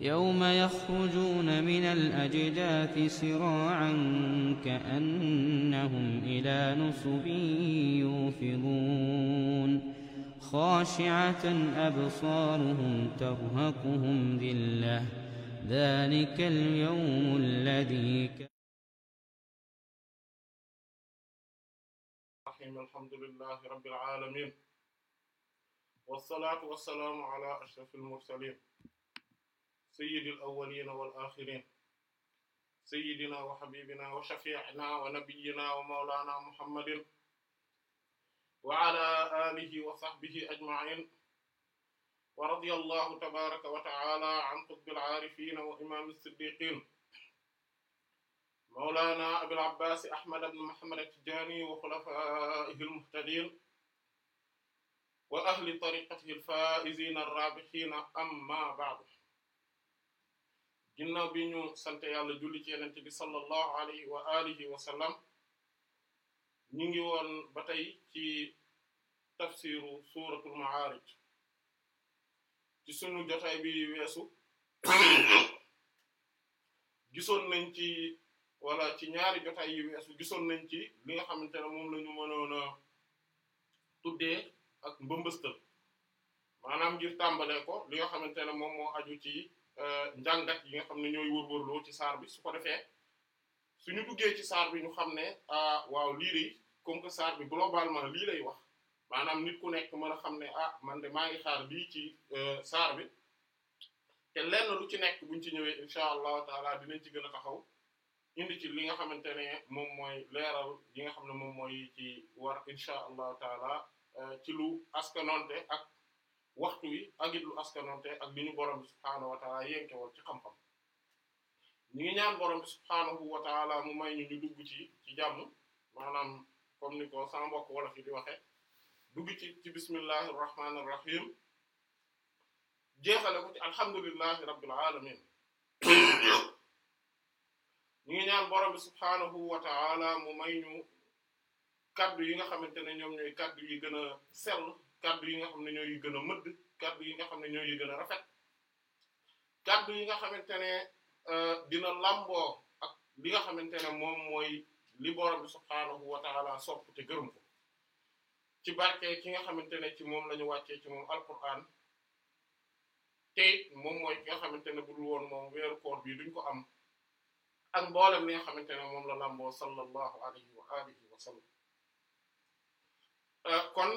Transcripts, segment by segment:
يوم يخرجون من الأجداث سراعا كأنهم إلى نصب يوفضون خاشعة أبصارهم ترهقهم ذلة ذلك اليوم الذي الحمد لله رب العالمين والصلاة والسلام على أشرف المرسلين sayyidil awwalina wal axirin sayyidina wa habibina wa shafi'ina wa nabiyyina wa mawlana muhammadin wa ala alihi wa sahbihi ajma'in wa radiyallahu tabaraka wa ta'ala an qutbil aarifina wa imam as-siddiqin mawlana abil abbas ahmad ibn muhammad at-tijani wa khulafa'ihi al-muhtadin wa ahli tariqatihi al-fa'izina ar-rabihina amma ba'du ginnaaw bi ñu sant yàlla julli ci yenente bi sallallahu alayhi wa alihi wa sallam ñu ngi woon ba tey ci tafsiru suratul ma'arij ci sunu jotaay bi weesu gisoon nañ ci wala ci ñaari jotaay yi weesu gisoon nañ ci li nga xamante ne moom lañu ñu mënoon tuddee ak mbëmbëstal maanaam ngir tàmbale ko li nga xamante ne moom moo aju ci Euh, njàngat yi nga xam ne ñooy wër-wërloo ci saar bi su ko defee suñu duggee ci saar bi ñu xam ne ah waaw lii de comme que saar bi globalement lii lay wax maanaam nit ku nekk mën a xam ne ah man de maa ngi xaar lii ci euh, saar bi te lenn lu ci nekk buñ ci ñëwee incha allahu taala dinañ ci gën a taxaw indi ci li nga xamante ne moom mooy leeral yi nga xam ne moom mooy ci war incha allahu taala euh, ci lu askanonte ak. waxtu wi agit lu askanonte ak li ñu borom bi subhaanahu wa taala yenkewal ci xam-xam ñu ngi ñaan borom bi subhaanahu wa taala mu may ñu ñu dugg ci ci jàmm maanaam comme ni ko sama mbokk ci ci bismillahir rahmanir rahim jeexale ko ci alhamdulillahi rabbil alamin ñu ngi ñaan borom bi subhaanahu wa taala mu may ñu kaddu yi nga xamante ne ñoom ñooy kaddu yi gën a sell kaddu yi nga xam ne ñooy yu mëdd kaddu yi nga xam ne ñooy yu gën rafet kaddu yi nga xamante ne euh, dina lamboo ak li nga xamante ne moom mooy li borom bi subhaanahu wa sopp te gërëm ko ci barke ki nga xamante ne ci moom lañu ñu wàccee ci moom alquran te moom mooy ki nga xamante ne bu woon moom weeru koor bi duñ ko am ak mboolem li nga xamante ne moom la lamboo sallallahu alayhi wa alihi wa sallam euh, kon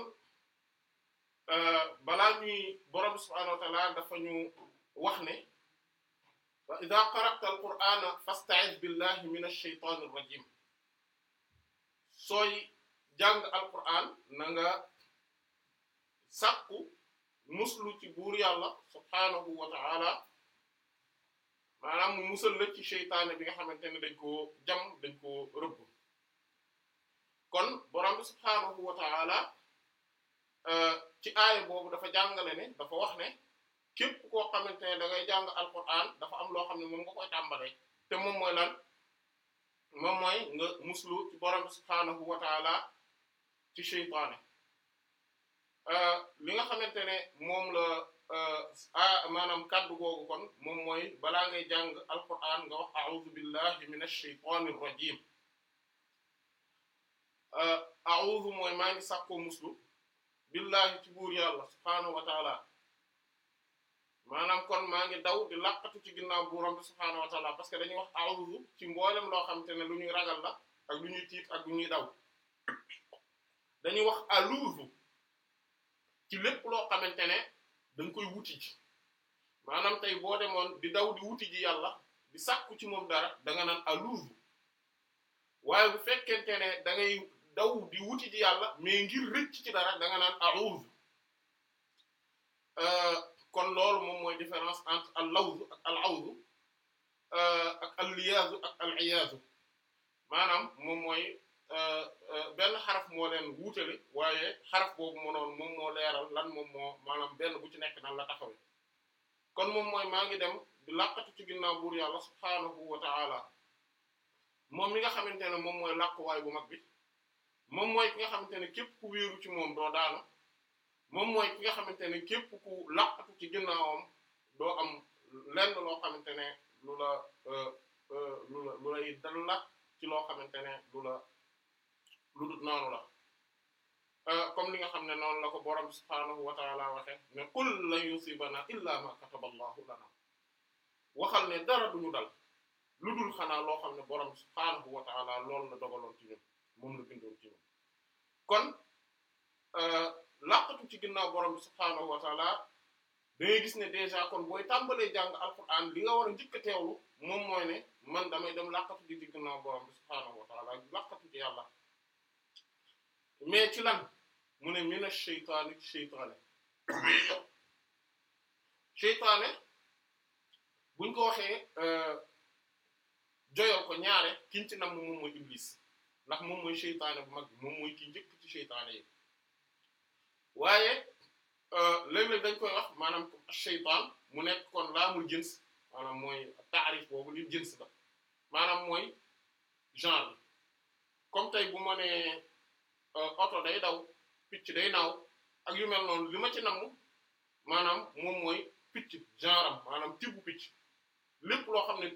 Euh, balaa ñuy borom subhaanahu wa ta'ala dafa ñu wax ne wa idha qara'ta al-qur'ana fasta'iz billahi minash shaytanir rajim sooy jàng alquran na nga sàkku muslu ci buur yàlla subhaanahu wa ta'ala maanaam mu musal la ci bi nga xamante ne dañ koo jam dañ koo rëbb kon borom bi subhaanahu wa ta'ala Euh, ci aaya boobu dafa jàngale ne dafa wax ne képp koo xamante ne da ngay jàng alquran dafa am loo xam ne moom nga koy tàmbalee te moom mooy lan moom mooy nga muslu ci borom subhaanahu wa taala ci seytaane euh, li nga xamante ne moom la euh, maanaam kaddu googu kon moom mooy balaa ngay jàng alquran nga wax a'udhu billahi minash shaytanir rajim a'udhu mooy maa ngi ko muslu billahi ci buur yàlla subhaanahu wa taala maanaam kon maa ngi daw di laqatu ci ginnaaw bu bi subhaanahu wa taala parce que dañuy wax a'udhu ci mboolem loo xamante ne lu ñuy ragal la ak lu ñuy tiit ak lu ñuy daw wax aluuzu lépp loo xamante ne dañ koy wuti ji maanaam tey boo demoon di daw di wuti ji yàlla di sàkku ci moom dara danga nga naan aluuzu waaye bu fekkente ne da daw di wuti ci yàlla mais ngir rëcc ci dara da nga naan a'udhu euh, kon loolu moom mooy différence entre al-lawzu ak al euh, ak al-liyaazu ak al-iyaazu maanaam moom mooy euh, benn xaraf moo leen wuutale waaye xaraf boobu mënoon moom moo leeral lan moom moo maanaam benn bu ci nekk nan la taxawe kon moom mooy maa ngi dem di làqatu ci ginnaaw buur yàlla subhaanahu wa moom mi nga xamante ne moom mooy làqwaay bu mag bi moom mooy ki nga xamante ne képp ku wéeru ci moom doo daanu moom mooy ki nga xamante ne képp ku laqatu ci ginnaawam doo am lenn loo xamante ne lu la euh, euh, lu la lu dal la ci loo xamante ne lu la lu dut noonu la euh, comme li nga xam ne noonu la ko borom subhaanahu wa ta'ala waxe ne qul la yusibana illa ma kataba allahu lana waxal ne dara duñu dal lu dul xanaa loo xam ne borom subhaanahu wa ta'ala loolu la dogaloon ci moom la bindoon ci ñun kon euh, laqatu ci ginnaaw borom bi subhaanahu wa taala da gis ne déjà kon booy tàmbalee jàng alquran li nga war a njëkk moom mooy ne man damay dem laqatu ji ci ginnaaw borom bi subhaanahu wa taala laqatu ci yàlla mais ci lan mu ne mina sheytaani ci buñ ko waxee euh, joyal ko ñaare kiñ ci nam moom mooy iblis ndax moom mooy seytaane bu mag moom mooy ki njëkk ci seytaane yi waaye euh, léeg-léeg dañ koy wax maanaam seytaan mu nekk kon laamul jëns maanaam mooy taarif boobu li jëns la maanaam mooy genre comme tey bu ma nee euh, oto day daw picc day naw ak yu mel noonu li ma ci namm maanaam moom mooy picc genre am maanaam tibbu picc lépp loo xam ne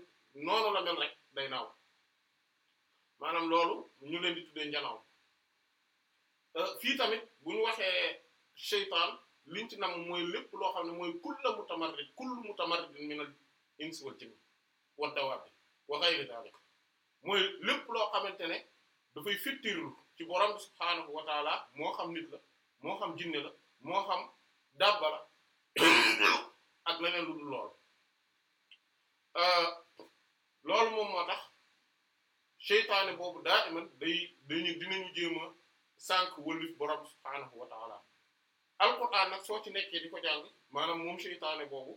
noonu la mel rek day naw maanaam loolu ñu leen di tuddee njanaw euh, fii tamit bu ñu waxee seytaan liñ ci nam mooy lépp loo xam ne mooy kulla mutamarrid kullu mutamarridin minal insi wal jinni wa dawaab wa ghayri dalik mooy lépp loo xamante ne dafay fittirlu ci borom bi subhaanahu wa moo xam nit la moo xam jinne la moo xam dabba la ak leneen lu dul loolu euh, loolu moom moo tax seytaane boobu daa iman day dañu dina ñu jéema sànq wëlif borom subhaanahu wa taala alquran nag soo ci nekkee di ko jàng maanaam moom seytaane boobu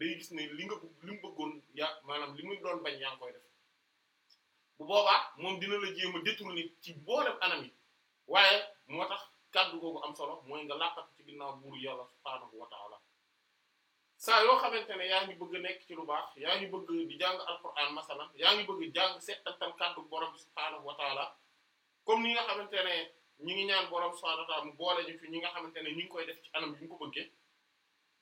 day gis ne li nga li mu bëggoon yaa maanaam li muy doon bañ yaa ngi koy def boobaa moom dina la jéem a détourner ci boolem anam yi waaye moo tax kàddu googu am solo mooy nga làqatu ci ginnaaw buuru yàlla subhaanahu wa saa yoo xamante ne yaa ngi bëgg nekk ci lu baax yaa ngi bëgg di jàng alquran masalan yaa ngi bëgg jàng settantal kàddu borom subhaanahu wa taala comme ni nga xamante ne ñi ngi ñaan borom subhaanahu wa taala mu boole ñu fi ñi nga xamante ne ñu ngi koy def ci anam bi ñu ko bëggee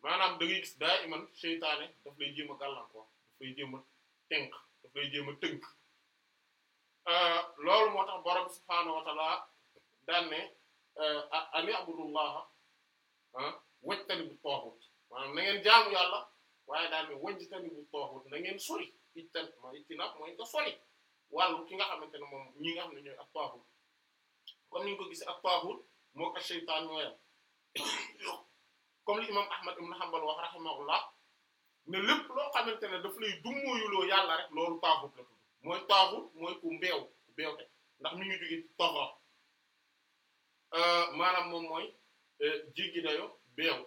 maanaam da ngay gis daa iman seytaane daf lay a gàllankoor daf lay jéem a a tënk moo tax borom subhaanahu wa taala tooxut maanaam na ngeen jaamu yàlla waaye daal ne wajjitani bu tooxut na ngeen sori ittan mooy ittinab mooy nga sori wàllu ki nga xamante ne moom ñi nga xam ne ñooy ak tooxut comme ni ñu ko gisee ak tooxut moo ko seytaan ñooyam comme li imam ahmad wax rahimahullah ne lépp loo xamante ne daf lay dummóoyuloo yàlla rek loolu tooxut la mooy tooxut mooy ku mbeew mbeew te ndax mi ngi jóge ci tooxoo euh, maanaam moom mooy euh, jéggi dayo beew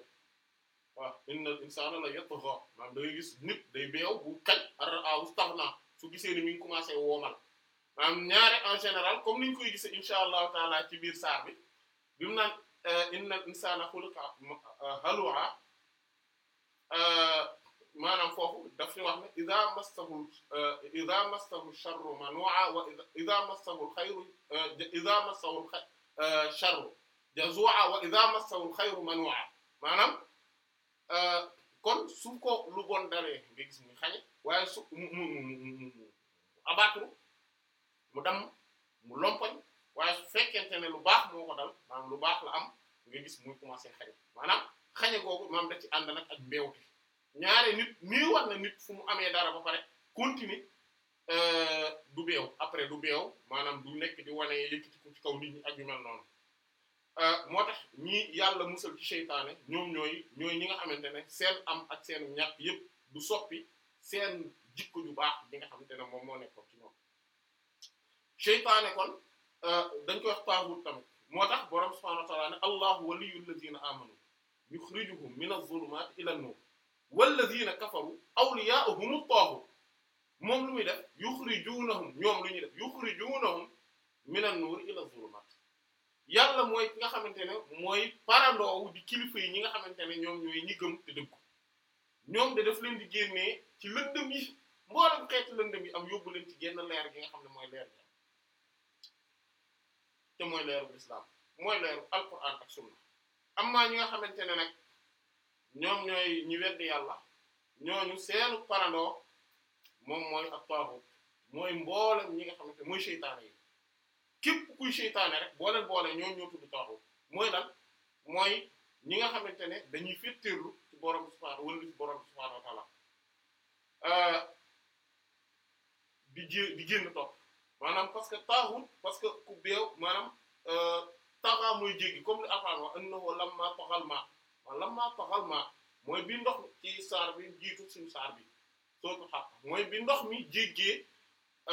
waaw innal insaana la yatgha maanaam da ngay gis nit day beew bu kañ ar istaghna ah, su gisee ni mi ngi commencé woomal maanaam ñaare en général comme niñ koy gisee incha allahu taala ci biir saar bi bi mu naan eh, innal insaana xuliqa eh, halu'a eh, maanaam foofu daf ñu wax ne idha massahu idha massahu sharru manu'a wa idha massahu alkhayru idha massahu alkhayru sharru jazu'a wa idha massahu alkhayru manu'a maanaam Euh, kon su ko lu bon dalee nga gis muy xañe waaye su mu mu mu abattre mu damm mu lompoñ waaye su fekkente ne lu baax moo ko dal maanaam lu baax la am nga gis muy commencé xañe maanaam xañe googu maanaam da ci ànd nag ak mbeewte ñaare nit nii war na nit fu mu amee dara ba pare continuer euh, du beew après du beew maanaam du nekk di wane yëkkati ko ci kaw nit ñi ak yu mel noonu Euh, moo tax ñi yàlla musal ci seytaane ñoom ñooy ñooy ñi nga xamante ne seen am ak seen ñàkk yépp du soppi seen jikko ju baax bi nga xamante ne moom moo nekkoon ci ñoom seytaane kon euh, dañ koy wax taaxut tamit moo tax boroom subhaanahu wa ta'aala ne allahu waliyyu alladhiina aamanu yukhrijuhum min adh-dhulumaati ila an-nuur walladhiina kafaru awliyaa'uhum at-taaghut moom lu muy def yukhrijunahum ñoom lu ñuy def yukhrijunahum min an-nuur ila adh-dhulumaat yàlla mooy nga xamante ne mooy parandoowu di kilifa yi ñi nga xamante ne ñoom ñooy ñi gëm te dëggu ñoom de daf leen di génnee ci lëndëm yi mboolem xeeti lëndëm yi am yóbbu leen ci genn leer gi nga xam ne mooy leer gi te mooy leeru islam mooy leeru alquran ak sunna am na ñi nga xamante ne nag ñoom ñooy ñi wedd yàlla ñooñu seenu parandoo moom mooy ak taaxu mooy mboolem ñi nga xamante mooy seytaane yi képp kuy seytaane rek boo leen boole ñoo ñoo tudd taaxut mooy lan mooy ñi nga xamante ne dañuy féttéerlu ci borom subhaanahu wala euh, di jé di génn topp maanaam parce que taaxut parce que ku beew maanaam taxaa euh, mooy jéggi comme li Alxuraan wax innahu lammaa taxal mooy bi ndox ci saar bi jiitu suñu saar bi soo ko mooy bi ndox mi jéggee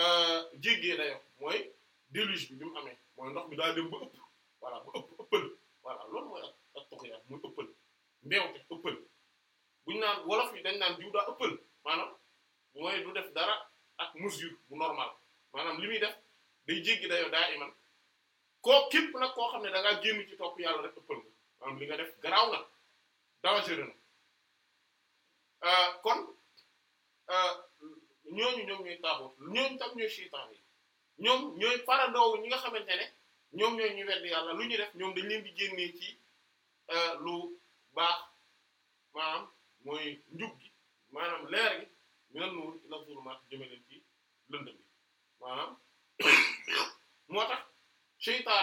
euh, jéggee mooy déluge bi bi mu amee moo ndox mi daa dem ba ëpp voilà ba ëpp ëppal voilà loolu mooy ak ak toxuya muy ëppal mbeewte ëppal buñu naan wolof yi dañ naan jiw daa ëppal maanaam mooy du def dara ak mesure bu normal maanaam li muy def day jéggi dayoo daa iman koo képp nag koo xam ne da ngaa génn ci topp yàlla rek ëppal nga maanaam li def garaaw na dangereux na euh, kon euh, ñooñu ñoom ñooy taaxoot ñooñu tam ñooy seytaan yi ñoom ñooy farandoowu ñi nga xamante ne ñoom ñooy ñu weddi yàlla lu ñu def ñoom dañ leen di génnee ci euh, lu baax maanaam mooy njub gi maanaam leer gi minal nuur ila zulumaat jëme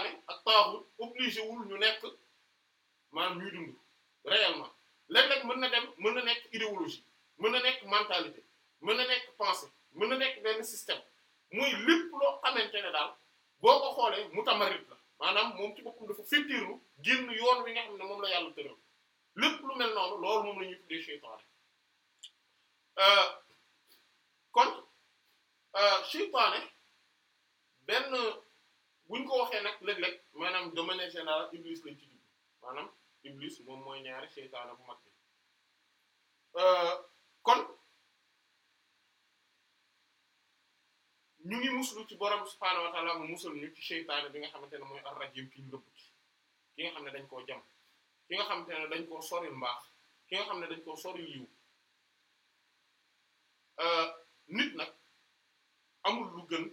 ak taaxut obligé wul ñu nekk maanaam ñuy dund réellement léeg mën na dem mën na nekk idéologie mën na nekk mentalité mën na nekk pensée mën na nekk benn système muy lépp loo xamante ne daal boo ko xoolee mu tamarit la maanaam moom ci boppam dafa fettiru génn yoon wi nga xam ne moom la yàlla tëral lépp lu mel noonu loolu moom la ñuy tuddee seytaane euh, kon euh, seytaane benn buñ ko waxee nag léeg-léeg maanaam de manière générale iblis lañ ci dugg maanaam iblis moom mooy ñaari seytaane bu mag bi euh, kon ñu ngi muslu ci borom subhaanahu wa ta'aala mu ñu ci seytaane bi nga xamante ne mooy ar-rajim ki ñu rëbb ki nga xam ne dañ koo jam ki nga xamante ne dañ koo sori mbaax ki nga xam ne dañ koo sori yiw euh, nit nag amul lu gën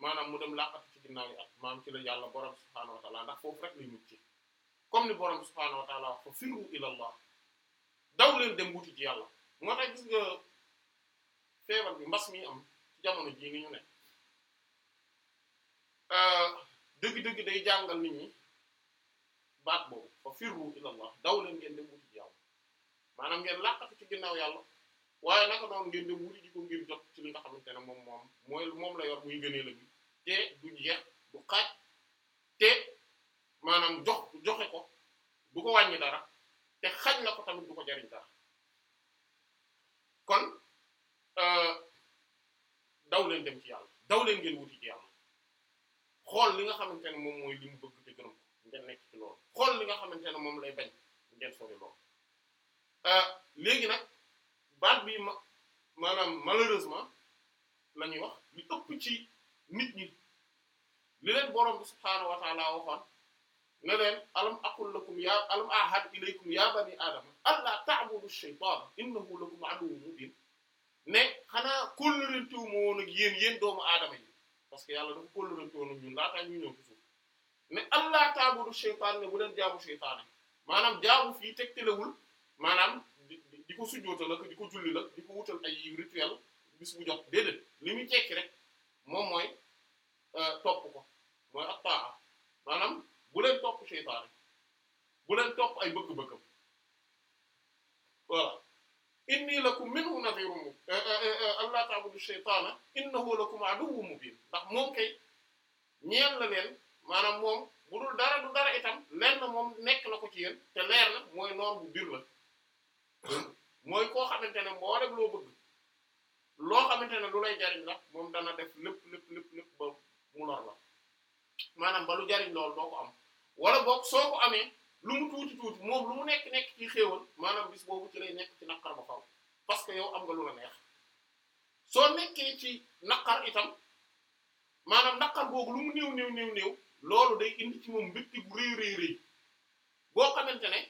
maanaam mu dem laqatu ci ginnaaw ak maam ci la yàlla borom subhaanahu wa ndax foofu rek lay mucc comme ni borom subhaanahu wa ta'aala wax fa firru ila Allah daw leen dem wuti ci yàlla moo tax gis nga feebar bi mbas mi ci jamono jii ni ñu ne. dëgg-dëgg euh, day jàngal nit ñi baat boobu fa firru ilallah daw leen ngeen dem wuti ci yàlla maanaam ngeen làqatu ci ginnaaw yàlla waaye naka noonu ngeen dem wuti ji ko ngir jot ci li nga xamante ne moom moom mooy moom la yor muy gënee la bi te du jeex du xaaj te maanaam jox joxe ko du ko wàññi dara te xañ la ko tamit du ko jariñ dara kon euh, daw leen dem ci yàlla daw leen ngeen wuti ci yàlla xool li nga xamante ne moom mooy li mu bëgg gërëm ngeen nekk ci loolu xool li nga xamante ne moom lay bañ ngeen sori loolu léegi nag baat bi ma maanaam malheureusement la ñuy wax li ëpp ci nit ñi li leen borom bi subhaanahu wa taala waxoon ne leen alam aqul ya alam ahad ilaykum ya bani adama allah ta'budu shaytana innahu lakum aduwwun mubin ne xanaa kóllërantewu ma woon ak yéen yéen doomu aadama yi parce que yàlla dafa kóllurante woon ñun laataa ñu ñëw ci suuf ne allah taabudu sheytaan ne bu leen jaamu sheytaane maanaam jaamu fii tegtalewul maanaam di ko sujjóota la di ko julli la di ko wutal ay rituel bis bu jox déedéet li muy jekki rek moom mooy euh, topp ko mooy ak paaxa maanaam bu leen topp sheytaane bu leen topp ay bëgg-bëggam voilà inni lakum minhu nadhirun mubin eh, eh, eh, allah ta'budu shaytana innahu lakum aduwwun mubin ndax moom kay ñeen la leen maanaam moom bu dul dara du dara itam leer na moom nekk na ko ci yéen te leer na mooy noon bu biir la mooy koo xamante ne moo rek loo bëgg loo xamante ne lu lay jariñ la moom dana def lépp lépp lépp lépp ba mu lor la maanaam ba lu jariñ lool doo ko am wala boog soo ko amee lu mu tuuti tuuti moom lu mu nekk nekk ci xéewal maanaam bis boobu ci lay nekk ci naqar ba faw parce que yow am nga lu la neex soo nekkee ci naqar itam maanaam naqar boobu lu mu néew néew néew loolu day indi ci moom mbégte bu rëy rëy boo xamante ne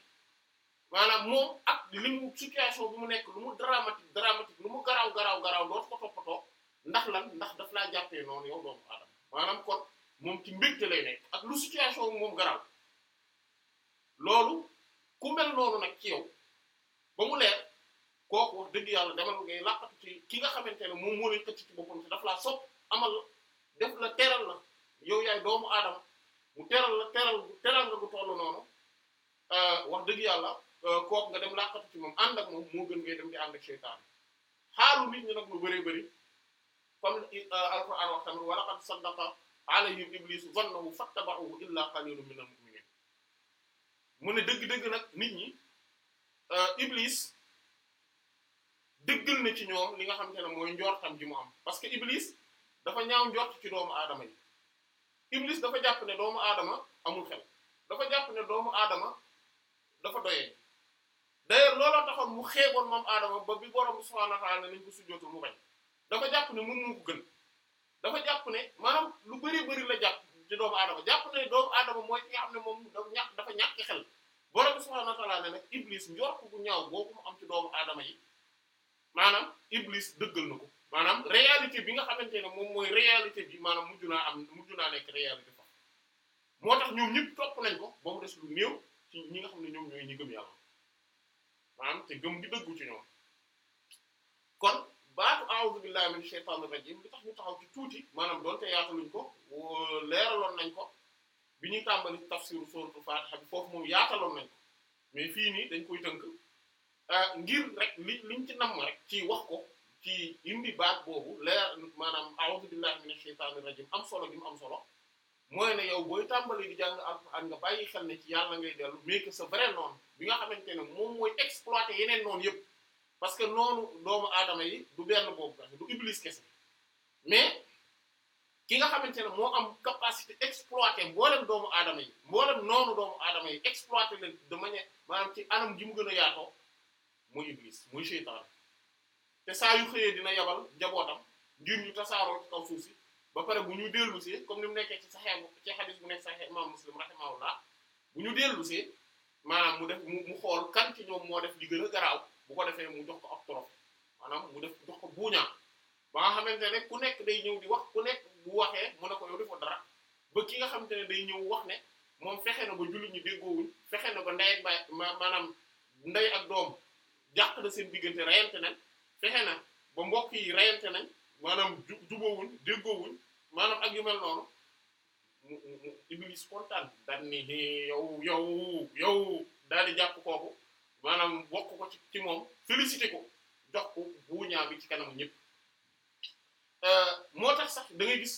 maanaam moom ak li mu situation bu mu nekk lu mu dramatique dramatique lu mu garaaw garaaw garaaw dootu ko toppatoo ndax lan ndax daf laa jàppee noonu yow doomu aadama maanaam kon moom ci mbégte lay nekk ak lu situation bi moom garaaw loolu ku mel noonu nag ci yow ba mu leer kooku wax dëgg yàlla demal ngay làqatu ci ki nga xamante ne moom moo lay xëcc laa sopp amal la la teral la yow yaay doomu aadama mu teral la teral teral nga gu euh, wax dëgg yàlla euh, kooku nga dem làqatu ci moom ànd ak moom moo gën ngay dem di ànd ak seytaan xaalu nit ñi nag lu bëree bëri comme euh, alquran wax tamit wa laqad saddaqa alayhim iblisu zannahu fattaba'uhu illa qalilun minal mu'minin mu ne dëgg-dëgg nag nit ñi euh, iblis dëggal na ci ñoom li nga xamante ne mooy njortam ji mu am parce que iblis dafa ñaaw njort ci doomu aadama yi iblis dafa jàpp ne doomu aadama amul dafa jàpp ne doomu aadama dafa doyee d'ailleurs looloo taxoon mu xeeboon moom aadama ba bi borom subhaanahu wa ta'aala nañ ko sujjootul mu bañ dafa jàpp ne mën mu ko gën dafa jàpp ne maanaam lu bari bari la jàpp ci doomu aadama jàpp ne doomu aadama mooy ki nga xam ne moom ñàkk dafa ñàkk xel borom subhaanahu wa ta'aala ne nag iblis njort bu ñaaw boobu mu am ci doomu aadama yi maanaam iblis dëggal na ko maanaam réalité bi nga xamante ne moom mooy réalité bi maanaam mujj naa am mujj naa nekk réalité fa moo tax ñoom ñëpp topp nañ ko ba mu des lu néew ñi nga xam ne ñoom ñooy ñi gëm yàlla maanaam te gëm gi dëggu ci ñoom kon. baatu a'uuzu billahi minash shaytaanir rajiim bi tax ñu taxaw ci tuuti maanaam doonte yaataluñ ko leeraloon nañ ko bi ñuy tàmbali tafsiru sourate Fatiha bi foofu moom yaataloon nañ ko mais fii nii dañ koy tënk euh, ngir rek li liñ ci namm rek ci wax ko ci indi baat boobu leer maanaam a'uuzu billahi minash shaytaanir rajiim am solo gi mu am solo mooy ne yow booy tàmbali di jàng alxuraan nga bàyyi xel ne ci yàlla ngay dellu mais que sa vrai noonu bi nga xamante ne moo mooy exploiter yeneen noonu yëpp parce que noonu doomu aadama yi du benn boobu kese du iblis kese mais ki nga xamante ne moo am capacité exploiter mboolem doomu aadama yi mboolem noonu doomu aadama yi exploiter leen de manière maanaam ci anam gi mu gën a yaatoo muy iblis muy seytaan te saa yu xëyee dina yabal njabootam ngir ñu tasaaroo ci kaw suuf ba pare bu ñu dellu see comme ni mu nekkee ci saxee ci xadis bu nekk saxee imam muslim rahimahullah bu ñu dellu see maanaam mu def mu xool kan ci moo def di gën a garaaw. bu defee mu jox ko ab trophée maanaam mu def jox ko buuñaa ba nga xamante ne rek ku nekk day ñëw di wax ku nekk bu waxee mu ne ko yow defoo dara ba ki nga xamante ne day ñëw wax ne moom fexe na ba jullit ñi déggoowuñ fexe na ba ndey ak baay maanaam ndey ak doom jàq na seen diggante reyante nañ fexe na ba mbokk yi reyante nañ maanaam ju jubóowuñ maanaam ak yu mel noonu mu mu mu Iblis kontaan daal ni yow yow yow daal di jàpp kooku. maanaam wokk ko ci ci moom félicité ko jox ko buuñaa bi ci kanamu ñëpp euh, moo tax sax dangay gis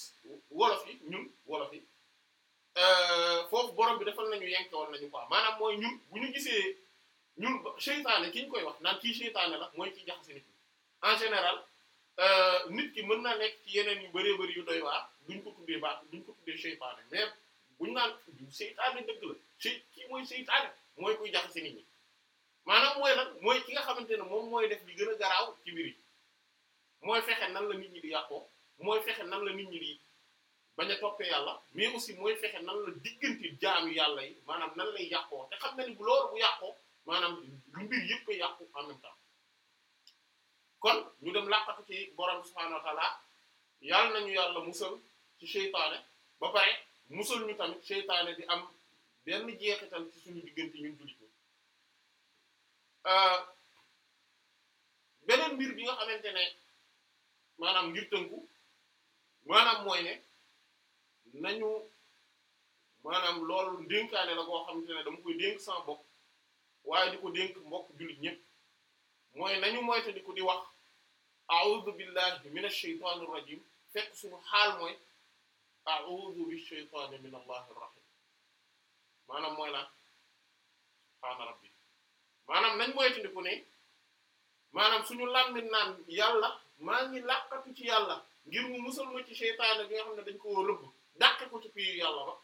wolof yi ñun wolof yi euh, foofu borom bi defal nañu yenke woon nañu ko maanaam mooy ñun bu ñu gisee ñun seytaane ki ñu koy wax naan kii seytaane la mooy kii jaxase nit en général euh, nit ki mën naa nekk ci yeneen yu bëree bari yu doy waa duñ ko tuddee baax duñ ko tuddee seytaane mais buñ naan seytaane dëgg la sey kii mooy seytaane mooy kuy jaxase nit maanaam mooy lan mooy ki nga xamante ne moom mooy def li gën a garaaw ci mbir yi mooy fexe nan la nit ñi di yàqoo mooy fexe nan la nit ñi di bañ a toppee mais aussi mooy fexe nan la diggante jaamu yàlla yi maanaam nan lay yàqoo te xam na ni bu loolu bu yàqoo maanaam lu mbir yëpp a yàqu en même temps kon ñu dem làqatu ci borom subhaanahu wa taala yàlla nañu yàlla musal ci seytaane ba pare musal ñu tamit seytaane di am benn jeexital ci suñu diggante ñun jullit Euh, beneen mbir bi nga xamante ne maanaam ngir tënku maanaam mooy ne nañu maanaam loolu dénkaane la koo xamante ne dama koy dénk sans bopp waaye di ko dénk mbokk jullit ñépp mooy nañu moyta di ko di wax a'udhu billahi minash shaytanir rajim fekk suñu xaal mooy a'udhu bish shaytani min allahir rahim maanaam mooy la subhaana maanaam nañ moytandiku ne maanaam suñu làmmiñ naan yàlla maa ngi làqatu ci yàlla ngir mu musal ma ci seytaane bi nga xam ne dañ koo rëbb dàqe ko ci piyu yàlla ba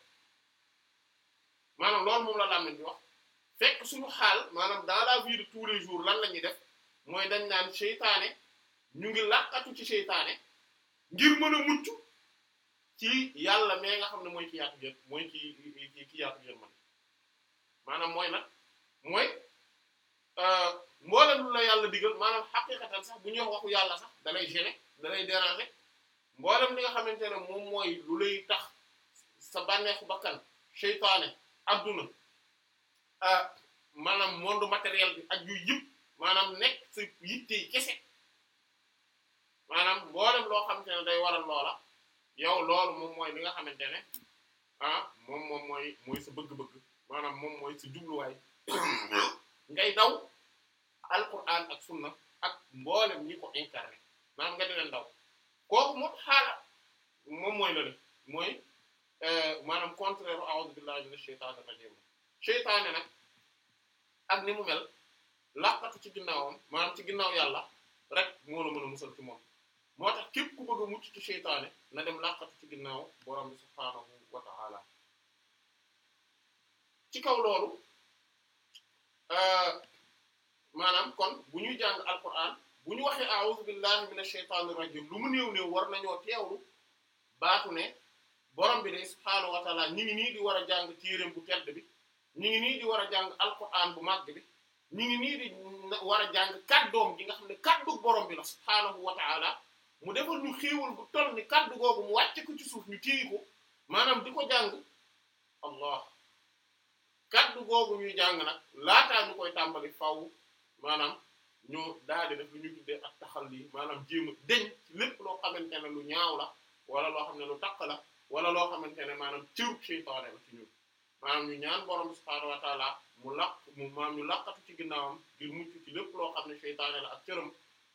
maanaam loolu moom la làmmiñ bi wax fekk suñu xaal maanaam dans la vie de tous les jours lan la ñuy def mooy dañ naan seytaane ñu ngi làqatu ci seytaane ngir mën a mucc ci yàlla mais nga xam ne mooy ki yaatu jër mooy ki ki yaatu jër man maanaam mooy nag mooy Euh, mboolem lu la yàlla digal maanaam xaqiqatan sax bu ñuy wax waxu yàlla sax dalay gêner dalay déranger mboolem li nga xamante ne moom mooy lu lay tax sa bànneexu bakkan seytaane adduna euh, maanaam monde matériel bi ak yu yëpp maanaam nekk sa yitte kese maanaam mboolem loo xamante ne day waral loola yow loolu moom mooy li nga xamante ne ah moom moom mooy mooy sa bëgg-bëgg maanaam moom mooy sa jubluwaay. ngay daw alquran ak sunna ak mboolem ñi ko incarné maanaam nga di ndaw daw kooku moom xaala moom mooy la ne mooy euh, maanaam contraire a'udhu billahi minash shaytanir rajim sheytaane nag ak ni mu mel làqatu ci ginnaawam maanaam ci ginnaaw yàlla rek moo la mën a musal ci moom moo tax képp ku bëgg a mucc ci sheytaane na dem làqatu ci ginnaaw borom bi subhaanahu wa ta'ala ci kaw loolu Euh, maanaam kon bu ñuy jàng alquran bu ñu waxee a'udhu billahi minash shaytanir rajim lu mu néew néew war nañoo teewlu baatu ne borom bi de subhaanahu wa taala ñi ngi nii di war a jàng téereem bu tedd bi ñi ngi nii di war a jàng alquran bu màgg bi ñi ngi nii di war a jàng kàddoom gi nga xam ne kàddu borom bi la subhaanahu wa taala mu defal ñu xéewal bu toll ni kàddu googu mu wàcce ko ci suuf ñu téye ko maanaam di ko jàng allah kaddu googu ñuy jàng nag laataa ñu koy tàmbali faw maanaam ñoo daal di def lu ñu tuddee ak taxal lii maanaam jéem a deñ lépp loo xamante ne ñaaw la wala loo xam ne lu taq la wala loo xamante ne maanaam cër seytaane la ci ñun maanaam ñaan borom subhaanahu wa taala mu laq mu maanaam ñu ci ginnaawam ngir mucc ci lépp loo xam ne seytaane la ak cëram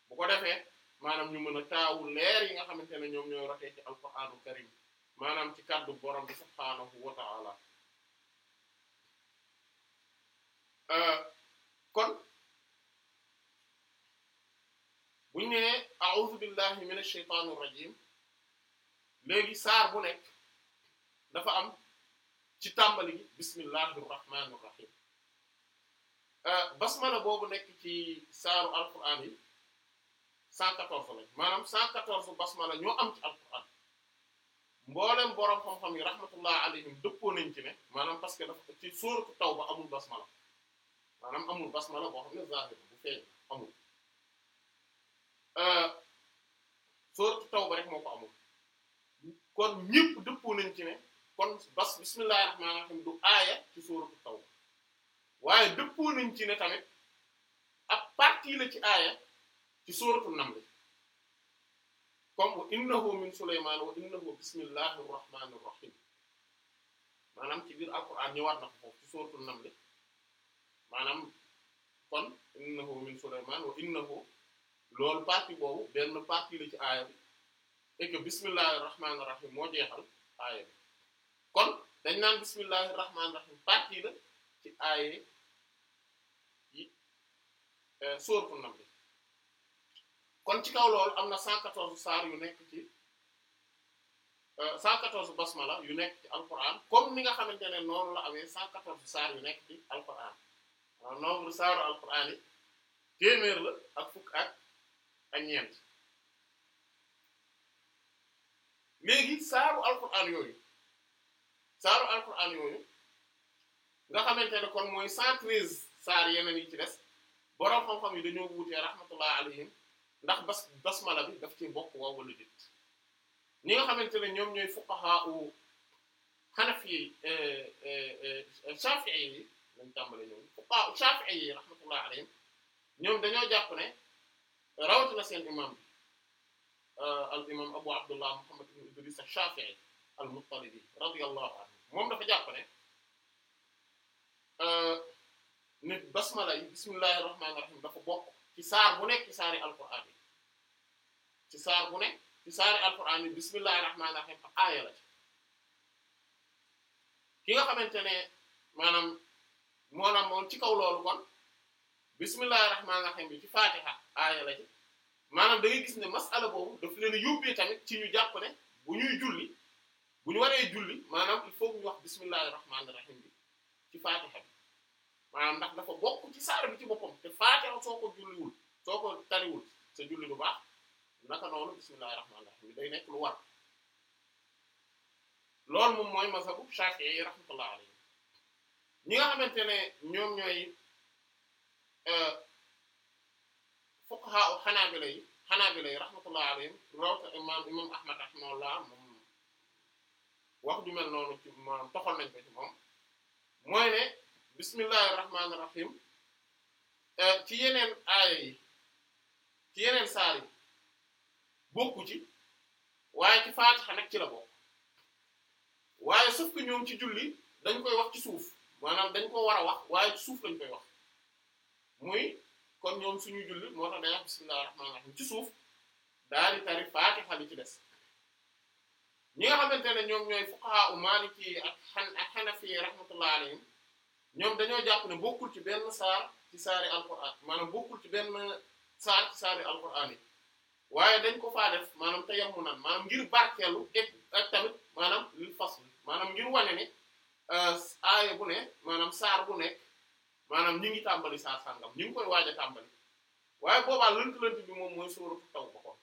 bu ko defee maanaam ñu mën a taawu leer yi nga xamante ne ñoom ñooy rotee ci alquraanul karim maanaam ci kaddu borom bi subhaanahu wa Euh, kon bu ñu nee a'udhu billahi minash shaytanir rajim léegi saar bu nekk dafa am ci tàmbali gi bismillahir rahmanir rahim euh, basmala boobu nekk ci saaru alquran yi 114 lañ maanaam 114 basmala ñoo am ci alquran mboolem borom xam-xam yi rahmatullah alayhim dëppoo nañ ci ne maanaam parce que dafa ci sóoratu tawba amul basmala. maanaam amul basmala boo xam ne zahir bu feeñ amul euh, sourate Tawba rek moo ko amul kon ñëpp dëppoo nañ ci ne kon bas bismillahir rahmanir du aaya ci sourate Tawba waaye dëppoo nañ tamit ab partie la ci aaya ci sourate Naml comme wa innahu min Sulaymaan wa innahu bismillahir rahmanir rahim maanaam ci biir alquran ñëwaat na ko foofu ci sourate Naml anam kon innahu min Sulaymaan wa innahu loolu partie boobu benn partie la ci aaya bi et que moo jeexal kon dañ naan bismillahir rahmanir rahim partie la ci aaya yi euh, sóoratu Naml kon ci kaw lool am na 114 saar yu nekk ci 114 euh, basmala yu nekk ci alquran comme ni nga xamante ne noonu la amee 114 saar yu nekk ci alquran waaw nombre saaru alquran yi téeméer la ak fukk ak ak ñeent léegi saaru alquran yooyu saaru alquran yooyu nga xamante ne kon mooy cent treize saar yeneen yi ci des boroom xam-xam yi dañoo wuutee rahmatullah alayhim ndax bas basmala bi daf ci bokk waaw wala déet ñi nga xamante ne ñoom ñooy fuqaha u xanafi eh, eh, eh, yi shafi'i yi lañ tàmbale ñoom waaw Shafi'i yi rahmatullah alayhim ñoom dañoo jàpp ne rawatina seen imam bi euh, al imam Abu Abdullah Muhammad ibn Idris Shafi'i al Muttalibi radiyallahu anhu moom dafa jàpp ne euh, nit basmala yi bismillahir rahmanir rahim dafa bokk ci saar bu nekk ci saari alquran yi ci saar bu nekk ci saari alquran yi bismillahir rahmanir rahim ak aaya la ci ki nga xamante ne maanaam moo naam moom ci kaw loolu kon bismillahi rahmaani rahiim bi ci fatiha aaya la maanaam da gis ne masala boobu daf leen a yóbbee tamit ci ñu jàpp ne bu ñuy julli bu ñu waree julli maanaam il faut ñu wax bismillahi rahmaani rahiim bi ci fatiha bi maanaam ndax dafa bokk ci saar bi ci boppam te fatiha soo ko julliwul soo ko tariwul sa julli du baax naka noonu bismillahi rahmaani rahiim bi day nekk lu war loolu moom mooy mazhabu Shafi'i rahmatullahi ñi nga xamante ne ñoom ñooy euh, fuqaha u xanaabila yi xanaabila yi rahmatullah alayhim rawta imam imam ahmad rahimahullah wax ju mel noonu ci nañ ko ci moom mooy ne bismillahi rahmaani rahim euh, ci yeneen aaya yi ci yeneen saar yi bokku ci waaye ci faatixa nag ci la bokk waaye sauf que ñoom ci julli dañ koy wax ci suuf maanaam dañ ko war a wax waaye suuf lañ koy wax muy kon ñoom suñu julli moo tax dañ wax bismillahir rahmanir rahim ci suuf daal di tari faatiha li ci des ñi nga xamante ne ñoom ñooy fuqaha u maliki ak xan ak xanafi rahmatullah alayhim ñoom dañoo jàpp ne bokkul ci benn saar ci saari alquran maanaam bokkul ci benn saar ci saari alquran yi waaye dañ ko faa def maanaam tayammunan maanaam ngir barkeelu ak tamit maanaam lil mi maanaam ngir wane Euh, aaya bu ne maanaam saar bu nekk maanaam ñu ngi tàmbali saar sàngam ñu ngi koy waaj tàmbali waaye boobaa lënt-lënt bi moom mooy sóoratu Tawba kon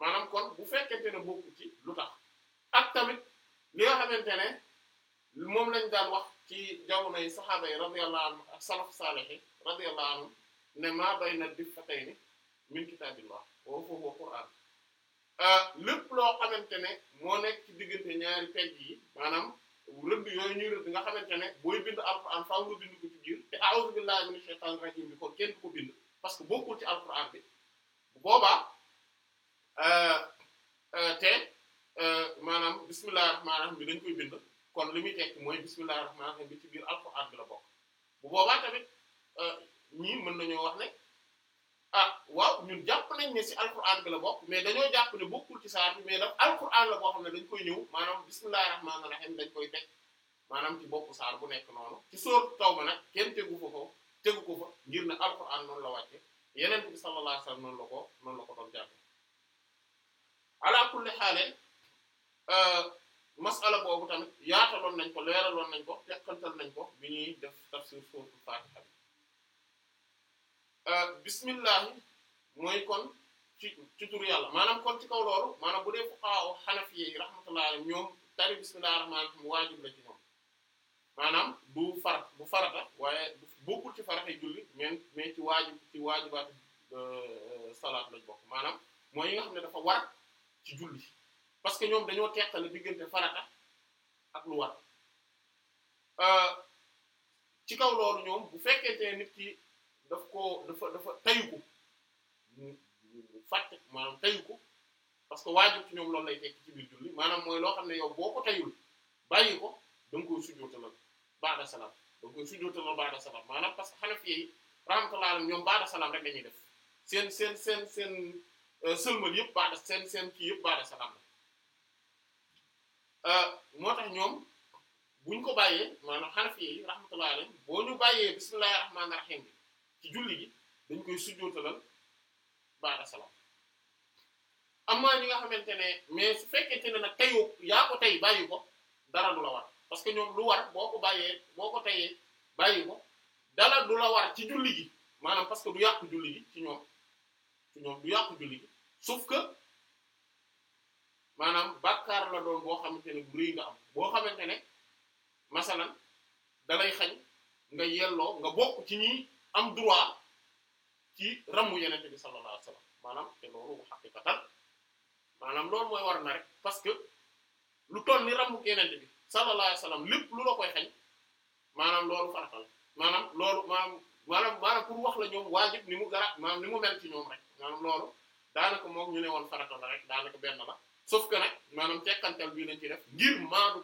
maanaam kon bu fekkente ne bokku ci lu tax ak tamit li nga xamante ne moom lañ daan wax ci jamono yi saxaaba yi radiyallahu anhum ak salaf saalih radiyallahu anhum ne maa bayna diffatayni min kitaabillah wa huwa qur'an euh, lépp loo xamante ne moo nekk ci diggante ñaari pegg yi maanaam rëdd yooyu ñuy rëdd nga xamante ne booy bind alquran faaw nga bind ko ci biir te a'udhu billahi minash shaytanir rajim bi ko kenn du ko bind parce que bokkul ci alquran bi bu boobaa euh, euh, te euh, maanaam bismillahir rahmanir rahim bi dañ koy bind kon li muy tekki mooy bismillahir rahmanir rahim bi ci biir alquran bi la bokk bu boobaa tamit ñii mën nañoo wax ne. ah waaw ñun jàpp nañ ne ci alquran bi la bokk mais dañoo jàpp ne bokkul ci saar bi mais daf alquran la boo na ne dañ koy ñëw maanaam bismillahir rahmanir rahim dañ koy teg maanaam ci bokku saar bu nekk noonu ci soor taw Tawba nag kenn tegu ko foofu tegu ko fa ngir ne alquran noonu la wàcce yeneen bi sallallahu alayhi wasallam noonu la ko noonu la ko doon jàpp ala xaale euh, masala boobu tamit yaataloon nañ ko leeraloon nañ ko tekkantal nañ ko bi ñuy def tafsir sóoru Faatiha bi Euh, bismillahi mooy kon ci ci tur yàlla maanaam kon ci kaw loolu maanaam bu dee fuqahaa xanafi yi rahmatullahi alayhim ñoom tari bismillahi rahmaani rahiim waajib la ci maanaam bu far bu farata waaye bokkul ci farata yi julli mais mais ci waajib ci waajibaat euh, salaat lañ bokk maanaam mooy yi nga xam ne dafa war ci julli parce que ñoom dañoo teqale diggante farata ak lu war euh, ci kaw loolu ñoom bu fekkente nit ki daf ko dafa dafa tayu ko fàtte maanaam tayu ko parce que waajib ci ñoom loolu lay tekki ci biir julli maanaam mooy loo xam ne yow boo ko tayul bàyyi ko da nga koy sujootalal baada salaam da nga koy sujootalal baada maanaam parce que xanafi yi rahmatullahi ñoom baada salaam rek dañuy def seen seen seen seen euh, sëlmal yëpp baada seen seen kii yëpp baada salaam la euh, moo tax ñoom buñ ko bàyyee maanaam xanafi yi rahmatullahi boo ñu bàyyee bismillahi a rahim bi ci julli gi dañ koy sujjootalal baada salaam amaa yi nga xamante ne mais su fekkente ne nag tayu yaa ko tey bàyyi ko dara du la war parce que ñoom lu war boo ko bàyyee boo ko teyee bàyyi ko dara du la war ci julli gi maanaam parce que du yàqu julli gi ci ñoom ci ñoom du yàqu julli gi sauf que maanaam bàkkaar la doon boo xamante ne bu rëy nga am boo xamante ne masalan dalay xañ nga yelloo nga bokk ci ñi am droit ci ramu yenente bi sallallahu alayhi wasallam maanaam te loolu xaqiqatan maanaam loolu mooy war na rek parce que lu toll ni rammu yenente bi sallallahu alayhi wasallam lépp lu la koy xañ maanaam loolu faratal maanaam loolu maanaam maanaam maanaam pour wax la ñoom waajib ni mu gara maanaam ni mu mel ci ñoom rek maanaam loolu daanaka moom ñu ne woon farata la rek daanaka benn la sauf que nag maanaam tekkantal bii lañ ci def ngir maandu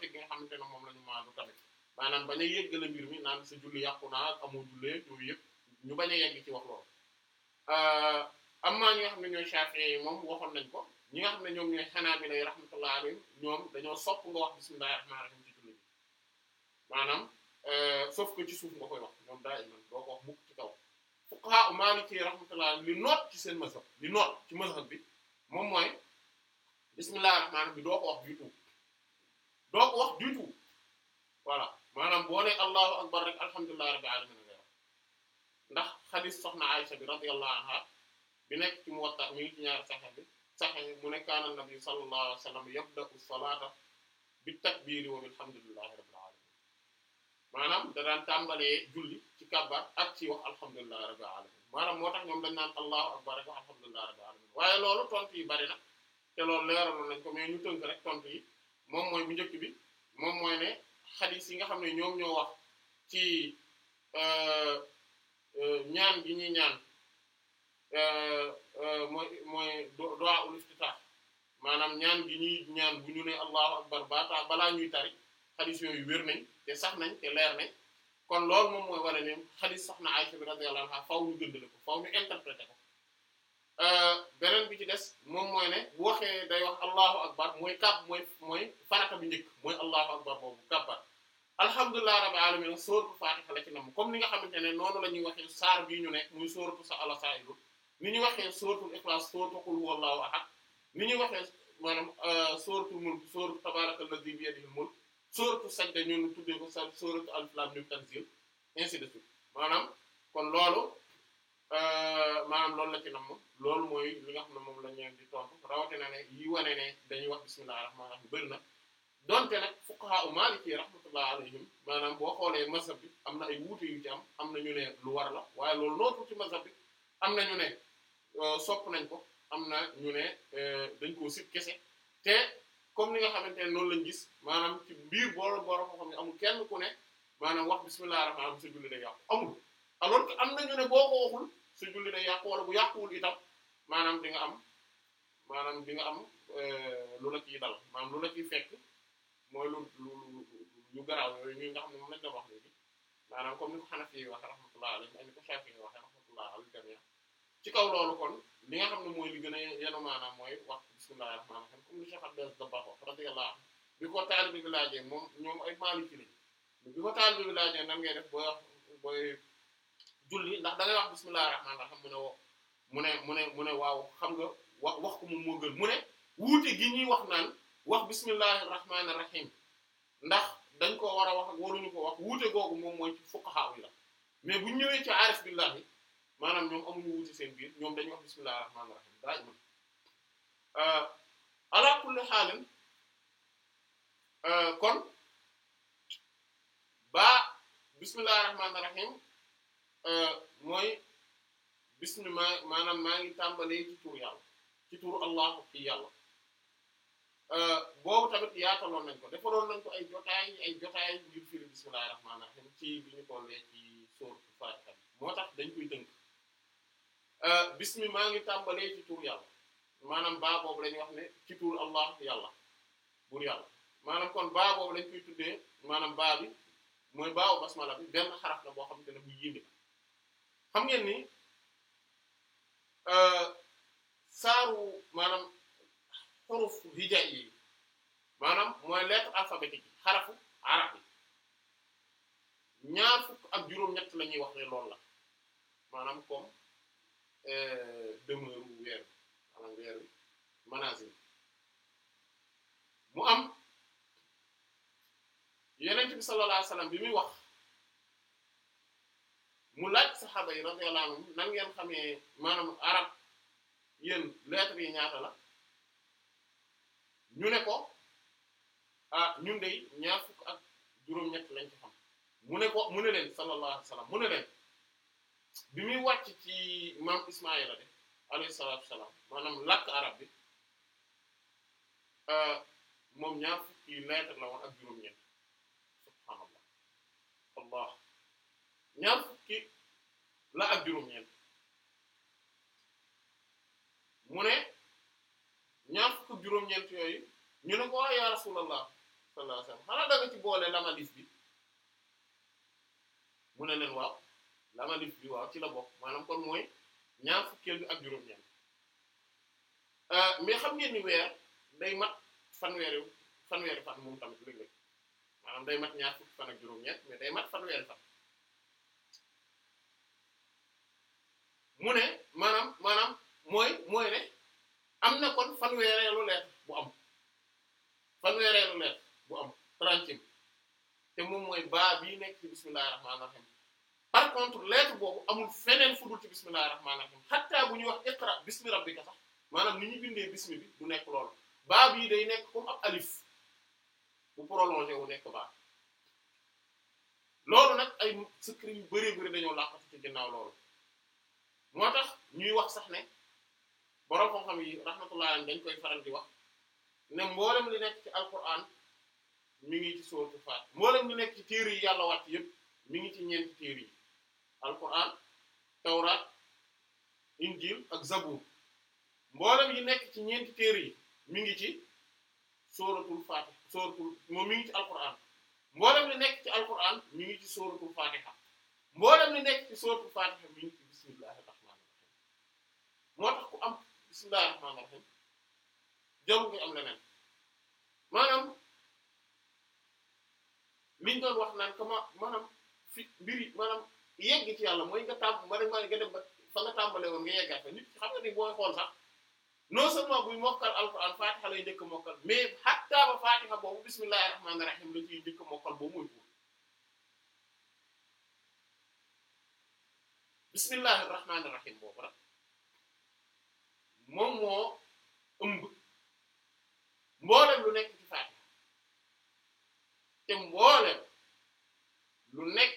te moom la ñu maandu tamit maanaam bañ a yëggale mbir mi naan sa julli yàqu naa amoo yëpp ñu bañ a yegg ci wax loolu euh, am na ñi nga xam ne ñooy Shafi'i yi moom waxoon nañ ko ñi nga xam ne ñoom ñooy Hanabila yi rahmatullah alayhim ñoom dañoo sopp nga wax bismillahir rahmanir maanaam euh, sauf ci suuf nga ko wax kaw fuqaha Maliki yi rahmatullah li noot ci seen mazhab li noot ci mazhab bi moom mooy bismillahir rahmanir rahim bi doo ko wax du doo ko wax du tout maanaam boo ne allahu akbar rek alhamdulillahi rabbil alamin ndax xadis soxna Aisha bi radiyallahu anha bi nekk ci Muwatta mi ngi ci a saxe bi saxe mu ne kaana nabi sallallahu alayhi wa sallam yabda'u salaata bi takbiiri wa bilhamdulillahi ci kabbar ak ci wax alhamdulillahi rabbil alamin maanaam moo tax ñoom dañ naan allahu akbar ak alhamdulillahi rabbil alamin waaye loolu tontu yi bari na te loolu leeraloon nañ ko mais ñu tënk rek tontu yi moom mooy bu njëkk bi moom mooy ne xadis yi nga xam ne ñoom ñoo wax ci euh, Euh, ñaan gi ñuy ñaan euh, euh, mooy mooy doa ul iftitah maanaam ñaan gi ñuy ñaan bu ñu ne allahu akbar baata balaa ñuy tari xadis yooyu wér nañ te sax nañ te leer kon loolu moom mooy wane ne xadis sax na Aysa bi radiyallahu anha faaw ñu gëndale ko faaw ñu interpréter ko beneen bi ci des moom mooy ne bu waxee day wax allahu akbar mooy kàbb mooy mooy bi njëkk mooy allahu akbar boobu kàbbar alhamdulilah rabbil alamin sóoratu Fatiha la ci nam comme ni nga xamante ne noonu la ñuy waxee saar bii ñu ne muy sóoratu sa ala saa'ilu ni ñuy waxee sóoratu Ikhlas sóoratu qul huwallahu ahad ni ñuy waxee maanaam euh, sóoratu mulk sóoratu tabaaraka allazi bi yadihil mulk sóoratu sajda ñun tuddee ko sa sóoratu alif lam mim tanzil ainsi de suite maanaam kon loolu euh, maanaam loolu la ci nam loolu mooy li nga xam ne moom la ñu di tontu rawatina ne yi wane dañuy wax bismillahir rahmanir rahim bëri na. donte nag fuqaha u maliki rahmatullah alayhim maanaam boo xoolee mazhab bi am na ay wuute yu ci am am na ñu ne lu war la waaye loolu nootul ci mazhab bi am na ñu ne euh, sopp nañ ko am na ñu ne euh, dañ koo sib kese te comme ni nga xamante ne noonu lañ gis maanaam biir bool borom koo xam ne amul kenn ku ne maanaam wax bismillah rahmaan rahim sa julli day yàqu amul am na ñu ne boo ko waxul sa julli day yàqu wala bu yàquwul itam maanaam di am maanaam di nga am euh, lu la ciy dal maanaam la fekk mooy lu lu lu garaaw yooyu ñuy nga xam ne moom lañ doon wax léegi maanaam comme ni ko Hanafi yi ci kaw loolu kon li nga xam ne mooy li gën a yenu mooy wax bismillahir rahmanir rahim comme li Cheikh Abdel moom ñoom ay Maliki lañ bi ko taalibe bi laajee nan ngay def booy wax da ngay wax bismillahir rahmanir ne wo mu ne mu ne mu ne waaw xam nga wax wax ko moom moo gën mu ne wuute gi ñuy wax naan wax bismillahir rahmanir rahim ndax dañ ko war a wax ak waruñu ko wax wuute googu moom mooy ci fuqaha yi la mais bu ñëwee ci aarif billahi maanaam ñoom amuñu wuute seen biir ñoom dañuy wax bismillahir rahmanir rahim daaj man euh, ala kulli euh, kon ba bismillahir rahmanir rahim euh, mooy bismillah maanaam maa ngi tàmbalee ci tur yàlla ci tur allahu fi yàlla Euh, boobu tamit yaataloon nañ ko defaloon nañ ko ay jotaay ay jotaay ngir firi bismillahir rahmanir rahim ci bi ñu tollee ci sourate Fatiha moo tax dañ koy tënk euh, bismi ngi tàmbalee ci tur yàlla maanaam baa lañuy wax ne ci tur allah yàlla buur yàlla maanaam kon baa boobu lañ maanaam baa bi mooy baawu basmala benn xaraf boo xamante ne bu yéeme xam ngeen ni euh, saaru maanaam xuruf hijaiy yi maanaam mooy lettre alphabétique yi xarafu arab yi ñaar fukk ak juróom-ñett la ñuy wax ne loolu la maanaam comme euh, demeure wu weer bi mu am yeneen bi sallallahu alayhi bi muy wax mu laaj saxaaba yi radiyallahu anhum nan ngeen xamee maanaam arab yéen lettres bi ñaata la ñu ne ko ah ñu de ñaar fukk ak juróom-ñett lañ ci xam mu ne ko mu ne leen sallallahu alayhi wa sallam mu ne leen bi muy wàcc ci maam Ismaayila de alayhi salaatu salaam maanaam làkk arab bi ah, moom ñaar fukki ak juróom-ñett fukki la ak juróom-ñett mu ne. ñaar fukk juróom-ñeent yooyu ñu ne ko waaw ya rasulallah sallallahu alayhi ci boole lamalis bi mu ne leen waaw lamalif bi waaw ci la bokk maanaam kon mooy ñaar fukkeel ak juróom-ñeent euh, mais xam ngeen ni weer day mat fanweeri fan moom tamit léeg-léeg maanaam day mat ñaar fukki fan ak juróom-ñeent mais day mat fanweeri fan mu ne maanaam maanaam mooy mooy ne am na kon fanweereelu leer bu am fanweereelu leer bu am trentième te moom mooy baa bii nekk ci bismillahi rahmaani rahim par contre lettre boobu amul feneen fu dul ci bismillahi rahmaani rahim xatta bu ñuy wax iqra bi rabbika sax maanaam ni ñu bindee bismi bi du nekk loolu baa bii day nekk comme ab alif bu prolongé wu nekk baa loolu nag ay secret yu bëree bëri dañoo làqatu ci ginnaaw loolu moo tax ñuy wax sax ne borom xam-xam dañ koy faral di wax ne mboolem li nekk ci alquran mi ngi ci sóoratu faat mboolem li nekk ci téer yi yàlla wàcc yëpp mi ngi ci ñeenti téere yi alquran tawraat injil ak zabur mboolem yi nekk ci ñeenti téere yi mi ngi ci sóoratul faatiha sóoratul moom mi ngi ci alquran mboolem li nekk ci alquran mi ngi ci sóoratul faatiha mboolem li nekk ci sóoratul faatiha mi ngi moo tax ku am bismillahi rahmaani rahiim jarul nga am leneen maanaam liñ doon wax naan kama maanaam fi mbiri maanaam yegg ci yàlla mooy nga tàmb ma ma nga dem ba fa nga tàmbale woon nga yeggaat fa nit xam nga ni booy xool sax non seulement buy mokkal alquran fatiha lay njëkk mokkal mais hatta ba fatiha boobu bismillahi rahmaani rahiim la ciy njëkk mokkal boobu mooy ko bismillahi rahmaani rahiim boobu rek moom moo ëmb mboolem lu nekk ci Fatiha te mboolem lu nekk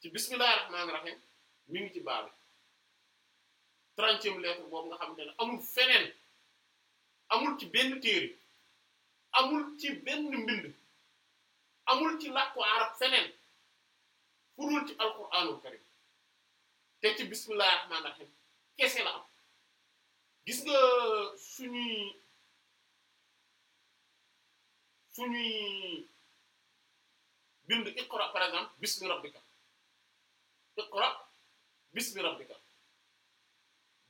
ci bismillahir rahmanir rahim mi ngi ci baalu trentième lettre boobu nga xamante ne amul feneen amul ci benn téere amul ci benn mbind amul ci làkku arab feneen furul ci alquranul karim te ci bismillahir rahmanir rahim kese la am gis nga suñuy suñuy bind iqra par exemple bismi rabbika iqra bismi rabbika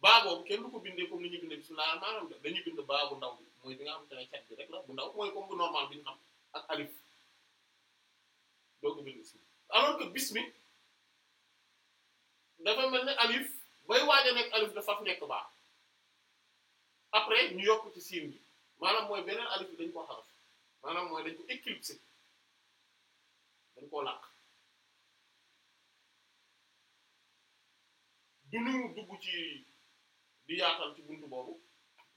baa boobu kenn du ko bindee comme ni ñuy bindee bismillah rahmaani rahiim dañuy bind baa bu ndaw bi mooy bi nga xamante ne cat rek la bu ndaw mooy comme bu normal bi ñu ak alif doo ko bind si alors que bismi dafa mel ne alif. bañ a nekk alif dafa fi nekk baa après ñu yokk ci siin bi maanaam mooy beneen alif bi dañ koo xaraf maanaam mooy dañ ko éclipsé dañ koo làq du ñu dugg ci di yaatal ci buntu boobu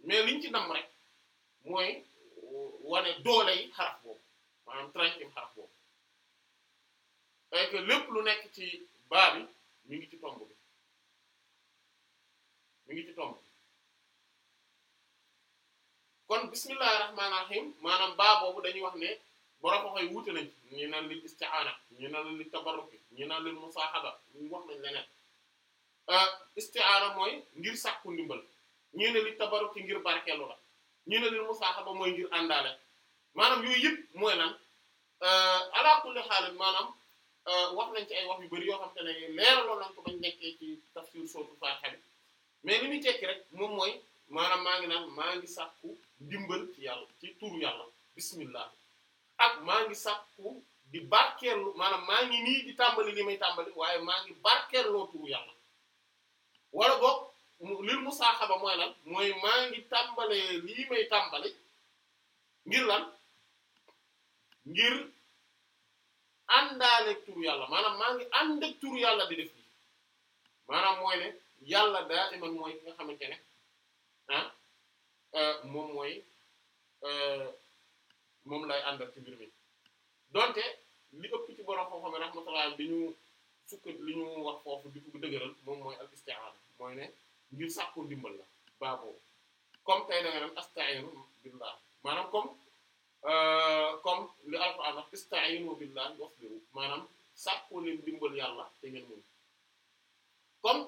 mais liñ ci nam rek mooy wane doole yi xaraf boobu maanaam trentième xaraf boobu parce lépp lu nekk ci baa bi ñu ngi ci tomb bi mi ngi ci tomb kon bismillahi rahmaani rahim maanaam baa boobu dañuy wax ne borom waxoy wuute nañ ñi naan lil isti'ana ñi naan lil tabarruki ñi naan lil musahaba ñu wax nañ leneen euh, mooy ngir sàkku ndimbal ñii ne lil tabarruki ngir barkeelu la ñii ne lil musahaba mooy ngir àndaale maanaam yooyu yëpp mooy lan euh, ala kulli maanaam euh, wax nañ ci ay wax yu bari yoo xam te ne leeraloon nañ ko bañ nekkee ci tafsir sootu Faatiha bi mais li muy tekki rek moom mooy maanaam maa ngi naan maa ngi sàkku ndimbal ci yàlla ci turu yàlla bismillah ak maa ngi sàkku di barkeerlu maanaam maa ngi nii di tàmbali li may tàmbali waaye maa ngi barkeerloo turu yàlla wala boog lil musaaxaba lii may tàmbali ngir lan ngir àndaaleeg turu yàlla maanaam maa ngi ànd ak turu yàlla di def maanaam mooy ne yàlla daa iman mooy nga xamante ne ah, euh, moom mooy euh, moom lay àndal ci mbir mi donte li ëpp ci borom xam-xam rahmatullah bi ñu sukk li ñu wax foofu di ko dëgëral moom mooy al isti'aana mooy ne ngir sàkku ndimbal la baaboo comme tey da nga dem asta'iinu billah maanaam comme euh, comme li alquran wax ista'iinu billahi wasbiru maanaam sàkku leen ndimbal yàlla te ngeen mun comme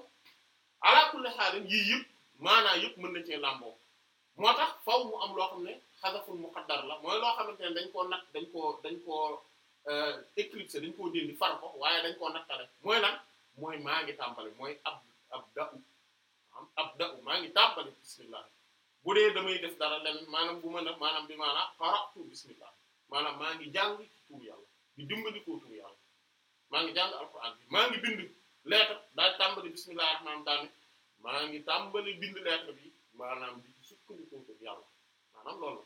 ala kulli xaalin yii yëpp maanaa yëpp mën nañ cee làmboo moo tax faw mu am loo xam ne xasaful muqaddar la mooy loo xamante ne dañ koo nag dañ koo dañ koo euh, éclipsé dañ koo dindi far ko waaye dañ koo nag nattale mooy lan mooy maa ngi tàmbali mooy ab ab da'u ab da'u maa ngi tàmbali bismillah bu dee damay def dara leneen maanaam bu mën na maanaam bi maanaam qara'tu bismillah maanaam maa ngi jàng tur yàlla di dimbali ko tur yàlla maa ngi jàng alquran maa ngi bind lettre daa tàmbali bismillah rahmaan daane maa ngi tàmbali bind lettre bi maanaam di sukkandiku ko yàlla maanaam loolu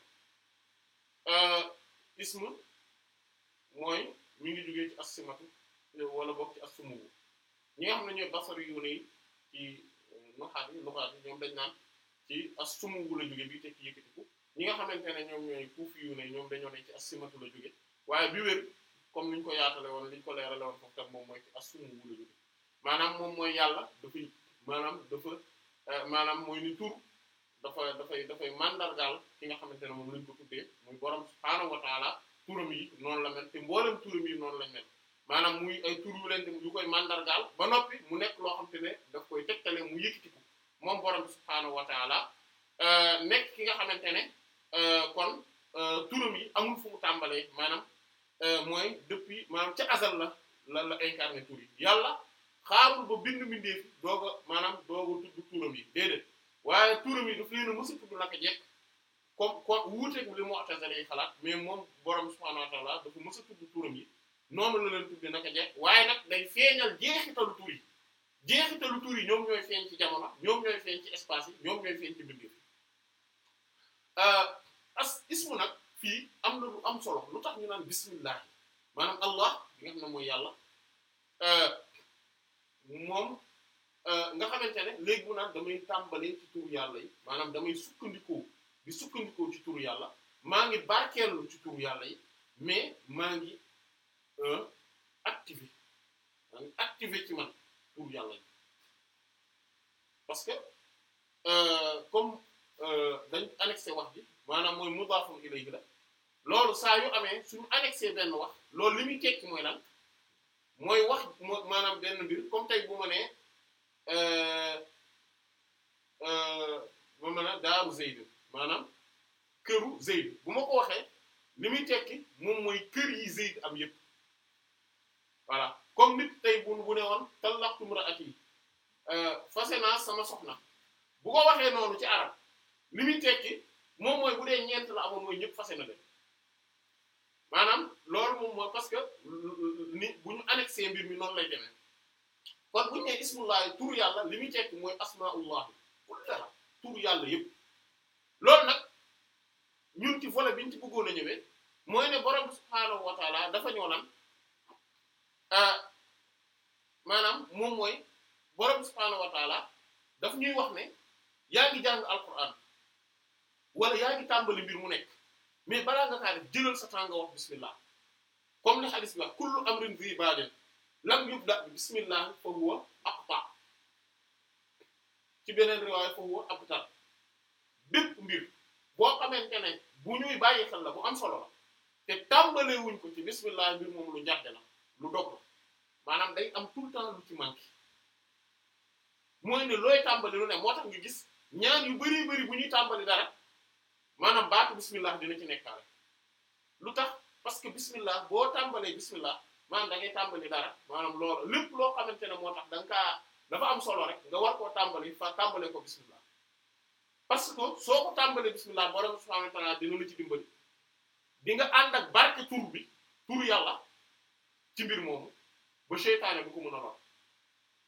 euh, ismu mooy mi ngi jógee ci assimatu euh, wala bokk ci assumuwu ñi nga xam ne ñooy euh, dañ naan ci assumuwu la jóge bi te ci yëkkatiku ñi nga xamante ñoom ñooy kuufi yu ne ñoom dañoo ne ci assimatu la jóge waaye bi wér comme niñ ko yaatale woon liñ ko leerale woon foofu moom mooy ci assumuwu la jóge maanaam moom mooy yàlla dafay maanaam dafa eh, maanaam mooy ni tur dafa dafay dafay mandargaal ki nga xamante ne moom lañ ko tuddee muy borom subhaanahu wa taala turam yi noonu la mel te mboolem turam yi noonu lañ mel maanaam muy ay tur yu leen yu koy mandargaal ba noppi mu nekk loo xam xamante ne daf koy tegtale mu yëkkatiku moom borom subhaanahu wa taala eh, nekk ki nga xamante ne eh, kon turam yi amul fu mu tàmbalee maanaam mooy depuis maanaam ci asal la la la incarné tur yi xaarul ba bind mbindeef doog a maanaam doog a tudd turam yi déedéet waaye turam yi daf leen a mës tudd naka jekk comme quoi wuuteeg li mu'tazila yi xalaat mais moom borom subhaanahu wa ta'aala dafa mës tudd turam noonu la leen tudd naka jekk waaye nag day feeñal jeexitalu tur yi jeexitalu tur ñoom ñooy feeñ ci jamono ñoom ñooy feeñ ci espace yi ñoom ñooy feeñ ci mbindeef euh, as ismu nag fii am la lu am solo lu tax ñu naan bismillah maanaam allah nga yàlla. Euh, moom euh, nga xamante ne léegi mu naan damay tàmbalee ci turu yàlla yi maanaam damay sukkandikoo di sukkandikoo ci tuur yàlla maa ngi barkeelu ci turu yàlla yi mais maa ngi euh, activé maa ngi activé ci man turu yàlla yi parce que euh, comme dañ annexé wax bi maanaam mooy mudaafun léegi la loolu saa yu amee suñu annexé benn wax loolu li muy tekki mooy lan mooy wax moo maanaam benn mbir comme tey bu ma nee euh, euh, ma mën a daaru maanaam këru Zayd bu ma ko waxee li muy tekki moom mooy kër yi Zayd am yëpp voilà comme nit tey bu bu ne woon tallaqtu imraati euh, fase naa sama soxna bu ko waxee noonu ci arab li muy tekki moom mooy bu dee ñeent la amoon mooy ñëpp fase na maanaam loolu moom mooy parce que ni bu ñu annexé mbir mi noonu lay demee kon bu ñu nee ismullahi tur yàlla li muy tekki mooy asmaullahi kullaha tur yàlla yëpp loolu nag ñu ci volet bi ñu ci bëggoon a ñëwee mooy ne borom subhaanahu wa dafa ñoo lan ah, maanaam moom mooy borom subhaanahu wa taala daf ñuy wax ne yaa ngi jàng alquran wala yaa ngi tàmbali mbir mu nekk. mais balaa nga kaa jëlal sa temps nga wax bismillah comme li hadith bi wax kullu amrin bi badin lam yubda bi ci beneen riwaaya fa huwa abtar bépp mbir boo xamante ne bu ñuy bàyyi xel la bu am solo la te tàmbalee wuñ ko ci bismillah mbir moom lu njàdde la lu dog maanaam day am tout le temps lu ci manqué mooy ne looy tàmbali lu ne moo tax nga gis ñaan yu bari bari bu ñuy tàmbali dara maanaam baatu bismillah dina ci nekkaale lu tax parce que bismillah boo tàmbalee bismillah maanaam da ngay tàmbali dara maanaam loolu lépp loo xamante ne moo tax da kaa dafa am solo rek nga war koo tàmbali fa tàmbalee ko bismillah parce que soo ko tàmbalee bismillah borom subhanahu wa ta'ala dina la ci dimbali di nga ànd ak barke tur bi tur yàlla ci mbir moomu ba seytaane bu ko mën a lor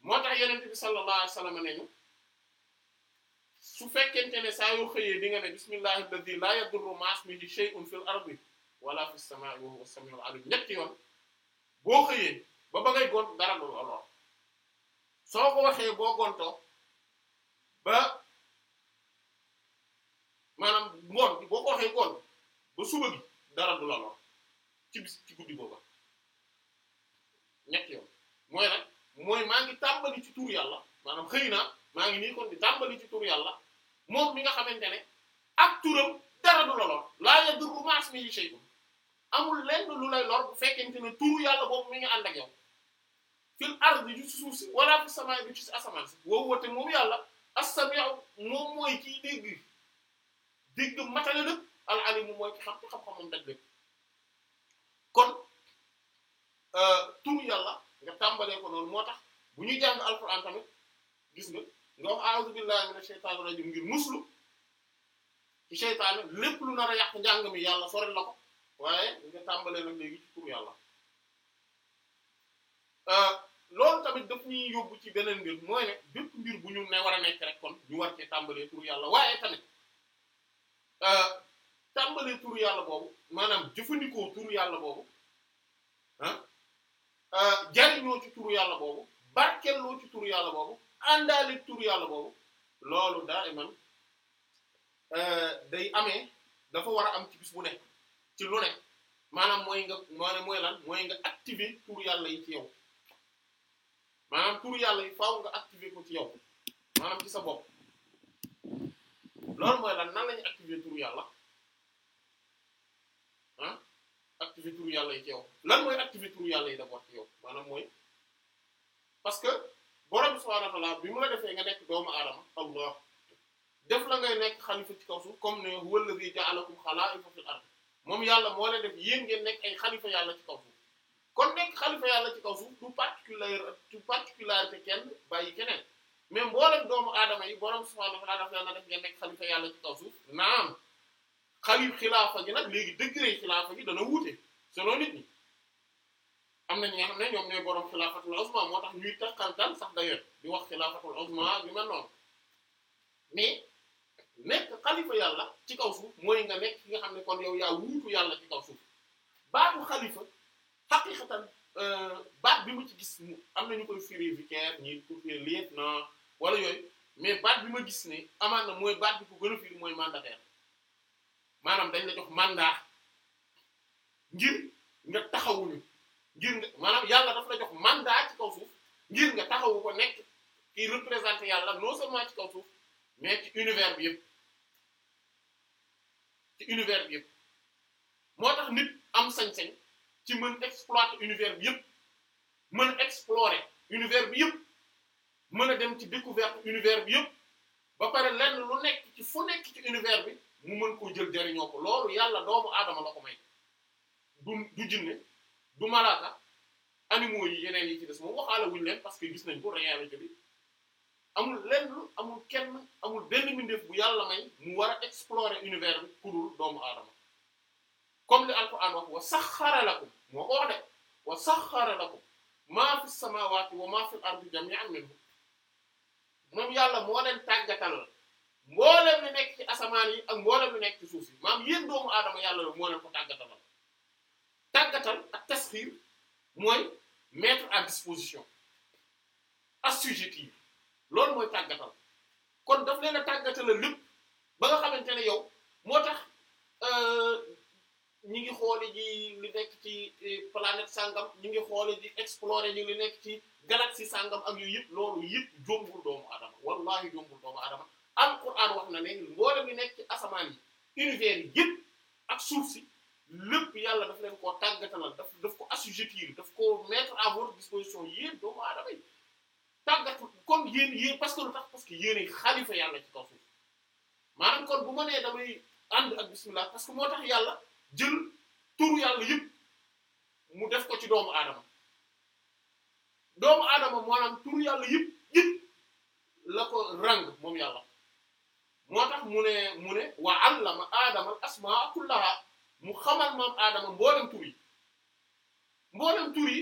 moo tax yonent bi sallallahu alayhi wasallam ne ñu su fekkente ne saa yoo xëyee di nga ne bismillahi alladi la yadurru mi ismihi shay'un fil ardi wala fis samaa'i wa huwa as-sami'ul 'alim ñetti yoon boo xëyee ba ba ngay gont dara du lor soo ko waxee boo gontoo ba maanaam ngoon boo ko waxee ngoon ba suba gi dara du lor ci bis ci guddi booba ñetti yoon mooy nag mooy maa ngi tàmbali ci tur yàlla maanaam xëy na. maa ngi nii kon di tàmbali ci tur yàlla moom mi nga xamante ne ak turam dara du la lor laa yadurru ma'a ismihi shay'un amul lenn lu lay lool bu fekkente ne turu yàlla boobu mi ngi ànd ak yow fil ardi ju ci suuf si wala fi samaa'i du ci si asamaan si woowu woote moom yàlla as-sami'u moom mooy kiy dégg dégg matale lépp al-alimu mooy ki xam xamam daj lépp kon euh, turu yàlla nga tàmbalee ko noonu moo tax bu ñuy jàng alquran tamit gis nga. nga wax a'uuzu billahi mina shaytaani rajiim ngir muslu ci seytaane lépp lu nar a yàq njàng mi yàlla sorel la ko waaye nga tàmbalee nag léegi ci tur yàlla euh, loolu tamit daf ñuy yóbbu ci beneen mbir mooy ne bépp mbir bu ñu ne war a nekk rek kon ñu war cee tàmbalee tur yàlla waaye tamit euh, tàmbalee tur yàlla boobu maanaam jëfandikoo tur yàlla boobu ah jariñoo ci tur yàlla boobu barkelloo ci tur yàlla boobu àndaale tur yàlla boobu loolu daa man euh, day amee dafa war a am ci bis bu ne ci lu ne maanaam mooy nga maanaam mooy lan mooy nga activer tur yàlla yi ci yow maanaam tur yàlla yi faw nga activer ko ci yow maanaam ci sa bopp loolu mooy lan nan lañu activer tur yàlla ah activer tur yàlla yi ci yow lan mooy activer tur yàlla yi d'abord ci yow maanaam mooy parce borom subhaanahu wa ta'aala bi mu la defee nga nekk doomu aadama allah def la ngay nekk xalifa ci kaw suuf comme ne huwa alladhi ja'alakum xalaa'ifa fil ard moom yàlla moo leen def yéen ngeen nekk ay xalifa yàlla ci kaw suuf kon nekk xalifa yàlla ci kaw suuf du particulier du particularité kenn bàyyi keneen doomu aadama yi borom subhaanahu wa ta'aala daf leen def ngeen nekk xalifa yàlla ci kaw suuf naam xalif xilaafa gi nag léegi degré xilaafa gi dana wuute selon nit ñi. am na ñi nga xam ne ñoom ñooy borom xilaafatul uzma moo tax ñuy takkantal sax d'ailleurs di wax xilaafatul uzma bi mel ci kaw suuf mooy nga nekk ki xam ne kon yow yaa yàlla ci kaw suuf xalifa xaqiqatan euh, bi ma ci gis am na ñu koy firi vicaire ñi ko firi lieutenant wala yooyu mais baat bi ma gis ne amaan na mooy baat bi ko gën a firi mooy mandataire maanaam dañ la jox mandat ngir nga taxawuñu ngir nga maanaam yàlla daf la jox mandat ci kaw suuf ngir nga taxawu ko nekk kiy représenter yàlla non seulement ci kaw suuf mais ci univers bi yëpp ci univers yëpp moo tax nit am sañ-sañ ci mën exploiter univers bi yëpp mën explorer univers bi yëpp mën a dem ci découverte univers bi yëpp ba pare lenn lu nekk ci fu nekk ci univers bi mu mën koo jël jariñoo ko loolu yàlla doomu aadama la may du jinne du malaaka animaux yi yeneen yi ci des moom waxaala wuñu leen parce que gis nañ ko réalité bi amul lenn amul kenn amul benn mbindeef bu yàlla may mu war a explorer univers pour kudul doomu aadama comme li alquran wax wa saxxara lakum moo ko wax de wa saxxara lakum maa fi samaawaati wa maa fi ardi jami'an minhu moom yàlla moo leen tàggatal mboolem li nekk ci asamaan yi ak mboolem li nekk ci suuf yi maam yéen doomu aadama yàlla la moo leen ko tàggatalal tàggatal ak tasxiir mooy mettre à disposition assujetti yi loolu mooy tàggatal kon daf leen a tàggatal lépp ba nga xamante ne yow moo tax euh, ñi ngi xoole ji li nekk ci euh, planète sangam ñi ngi xoole ji explorer ñu li nekk ci galaxie sangam ak yooyu yëpp loolu yëpp jombul doomu adama wallahi jombul doomu adama alquran wax na ne mboolem li nekk ci asamaan yi univers yi ak suuf si lépp yàlla daf leen koo tàggatalal daf daf ko assujettir daf ko mettre à votre disposition yéen doomu aadama yi tàggat comme yéen yéen parce que lu tax parce que yéenay xalifa yàlla ci kaw suuf maanaam kon bu ma nee damay ànd ak bismillah parce que moo tax yàlla jël turu yàlla yëpp mu def ko ci doomu aadama doomu aadama maanaam turu yàlla yëpp yëpp ko rang moom yàlla moo tax mu ne mu ne wa allama aadama al asmaa mu xamal maam aadama mboolem tur yi mboolem tur yi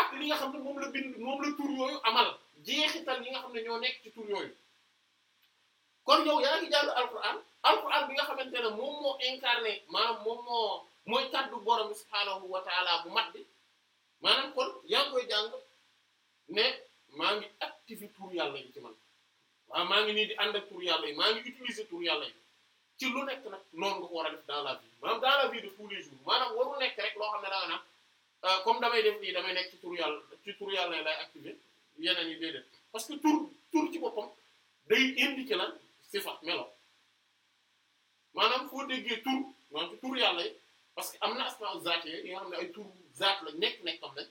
ak li nga xam ne moom la bind moom la tur yooyu amal jeexital yi nga xam ne ñoo nekk ci tur yooyu kon yow yaa ngi jàng alquran alquran bi nga xamante ne moom moo incarné maanaam moom moo mooy kaddu borom subhaanahu wa taala bu mat bi maanaam kon yaa ngi koy jàng ne maa ngi activé tur yàlla yi ci man waaw ngi nii di ànd ak tur yàlla maa ngi utiliser tur yàlla yi ci lu nekk nag noonu nga ko war a def dans la vie maanaam dans la de tous les jours maanaam waru nekk rek loo xam ne danga naan euh, comme damay dem nii damay nekk ci tur yàlla ci tur yàlla lay activer yeneen yi déedéet parce que tur tur ci boppam day indiquer lan sifa melo maanaam foo déggee tur maanaam ci tur parce que am na asmaa zaat yi xam ne ay tur zaat la nekk nekk am nañ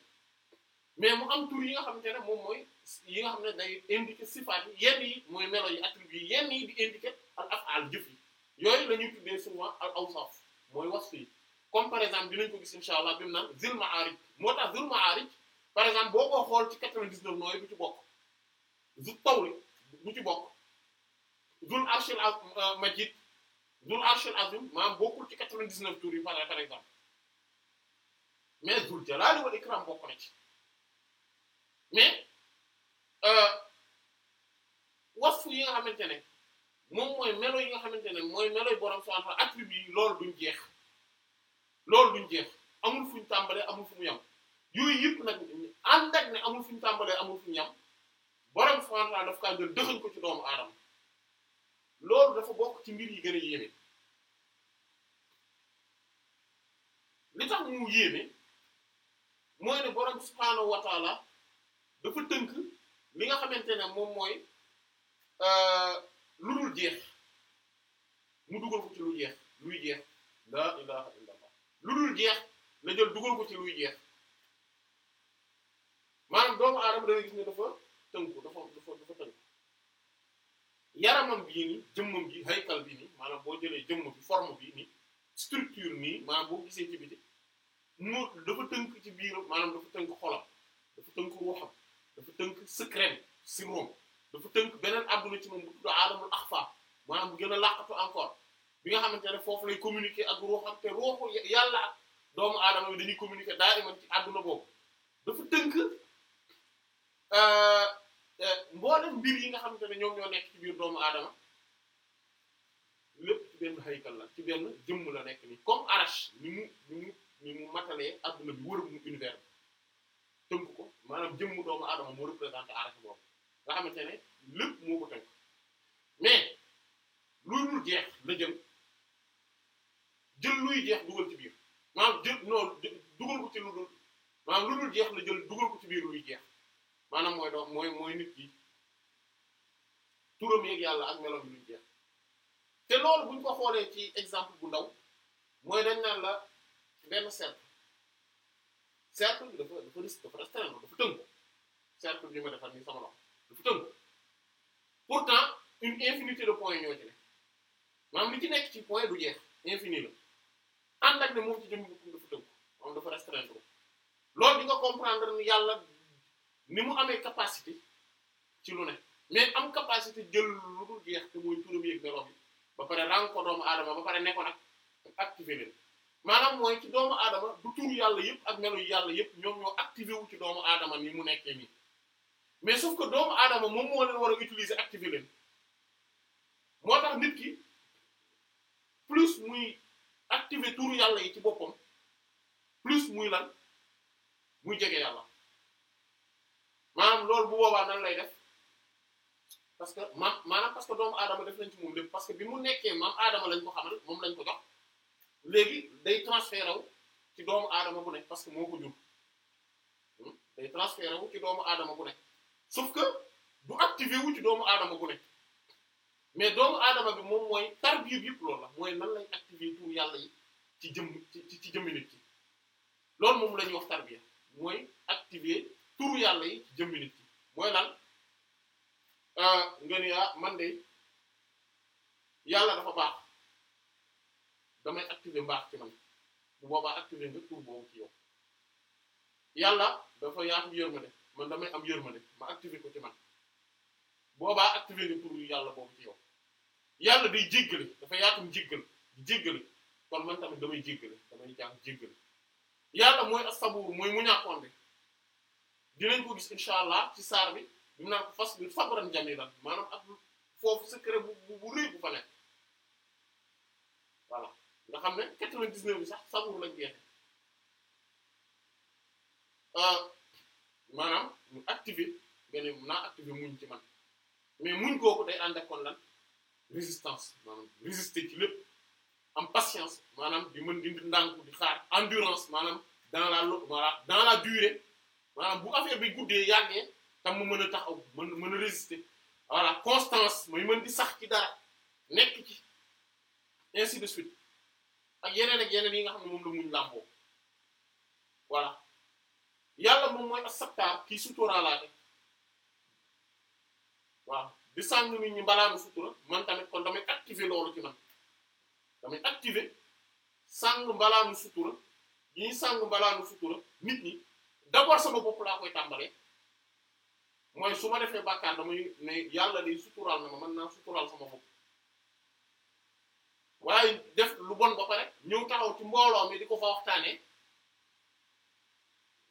mais mu am tur yi nga xamante ne moom mooy yi nga xam ne day indiquer sifaat yi yenn yi mooy melo yi attributs yi yenn yi di indiquer al af'al jëf yi yooyu la ñuy tuddee souvent al awsaf mooy wasf yi comme par exemple dinañ ko gis incha allah bi mu naan zil ma'arij moo tax zil ma'arij par exemple boo ko xool ci 99 nooy du ci bokk zu tawli du ci bokk zul arshil euh, majid zul arshil azim maanaam bokkul ci 99 tours yi par par exemple mais zul jalali wal ikram bokk na ci mais euh, wasf yi nga xamante ne. moom mooy melo yi nga xamante ne mooy melo yi borom subhanahu wa loolu duñ jeex loolu duñ jeex amul fuñ tàmbalee amul fu mu yam yooyu amul fuñ tàmbalee amul fu mu yam borom ko ci doomu aadama loolu dafa bokk ci mbir yi gën a yéeme li tax mu yéeme mooy dafa tënk li nga xamante ne moom mooy. Euh, lu dul jeex mu dugal ko ci lu jeex luy jeex laa ilaha illa allah lu dul jeex la jël dugal ko ci luy jeex maanaam doomu aadama da gis ne dafa tënk dafa dafa dafa tënku yaramam bii nii jëmmam bi haykal bi nii maanaam boo jëlee jëmm bi forme bi nii structure nii maanaam boo gisee ci biti mu dafa tënk ci biiram maanaam dafa tënk xolam dafa tënk ruuxam dafa tënk secret sirom dafa tënk beneen àdduna ci moom bu tudd aalamul axfa maanaam bu gën a làqatu encore bi nga xamante ne foofu lay communiquer ak ruuxam te ruuxu yàlla ak doomu aadama bi dañuy communiquer daal man ci àdduna boobu dafa tënk euh, euh, mboolem mbir yi nga xamante ne ñoom ñoo nekk ci biir doomu aadama lépp ci la ci benn jëmm la nekk ni comme arache ni mu ni mu ni mu matalee àdduna bi wërëm mu univers tënk ko maanaam jëmm doomu aadama moo représenté arache boobu nga xamante ne lépp moo ko tënk mais luy dul jeex la jël jël luy jeex dugal ci biir maanaam jël non dugal ko ci lu dul maanaam lu dul jeex la jël dugal ko ci biir luy jeex maanaam mooy dox mooy mooy nit ki turam yeeg yàlla ak meloom luy jeex te loolu bu ñu ko xoolee ci exemple bu ndaw mooy dañ naan la benn cercle cercle bi dafa dafa risque dafa restreint dafa bi ma defar nii sama loxo dafa tënk pourtant une infinité de points ñoo ci ne maanaam li ci nekk ci point du jeex infini la ànd ak ne moom ci jëm boppam dafa tënk moom dafa restreindre loolu di nga comprendre ni yàlla ni mu amee capacité ci lu ne mais am capacité jël lu dul jeex te mooy turam yëg melo bi ba pare ràng ko doomu aadama ba pare nekkoon ak activé leen maanaam mooy ci doomu aadama du turu yàlla yëpp ak melo yi yàlla yëpp ñoom ñoo activé wu ci doomu aadama ni mu nekkee nii mais sauf ko doomu aadama moom moo leen war a utiliser activer leen moo tax nit ki plus muy activer turu yàlla yi ci boppam plus muy lan muy jege yàlla maanaam loolu bu boobaa nan lay def parce que ma maanaam parce que doomu aadama def nañ ci moom lépp parce que bi mu nekkee maam aadama lañ ko xamal moom lañ ko jox léegi day transféré ci doomu aadama ku nekk parce que moo ko jur hmm? day transféré wu ci doomu aadama bu nekk sauf que du activé wu ci doomu aadama gu nekk mais doomu aadama bi moom mooy tarbiya bi yëpp loolu la mooy nan lay activé pour yàlla yi ci jëm ci ci jëmmi nit ki loolu moom la ñuy wax tarbiya mooy activé turu yàlla yi ci jëmmi nit ki mooy lan euh, nga ni ah, man de yàlla dafa baax damay activé mbaax ci man bu boobaa activé nga tur boobu ci yow yàlla dafa yaatu yërmande man damay am yërmande ma activer ko ci man boobaa activer ni pour yàlla boobu ci yow yàlla day jéggale dafa yaatum jéggal jéggale kon man tamit damay jéggale damay jàng jéggale yàlla mooy as-sabuur mooy mu muñaakonde dinañ ko gis incha allah ci saar bi dum naa ko fas bi sabran jamiilan maanaam ak foofu secret bu bu rëy bu fa nekk voilà nga xam ne quatre vingt dix bi sax sabuur la jeexe euh, maanaam mu activer nga ne naa activer muñ ci man mais muñ kooku day ànd ak kon lan résistance maanaam résister ci lépp am patience maanaam di mën di ndànku di xaar endurance maanaam dans la lo dans la durer maanaam bu affaire bi guddee yàggee tam mu mën a taxaw mën mën a résister voilà constance mooy mën di sax ci dara nekk ci ainsi de suite ak yeneen ak yeneen yi nga xam ne moom la muñ làmboo voilà yàlla moom mooy as-Sattaar kii suturaalaate waaw di sàng nit ñi mbalaanu sutura man tamit kon damay activer loolu ci man damay activer sàng mbalaanu sutura yi sàng mbalaanu sutura nit ñi d'abord sama bopp laa koy tàmbalee mooy su ma defee bàkkaar damay ne yàlla day suturaal na ma mën naa suturaal sama bopp waaye def lu bon ba pare ñëw taxaw ci mbooloo mi di ko fa waxtaanee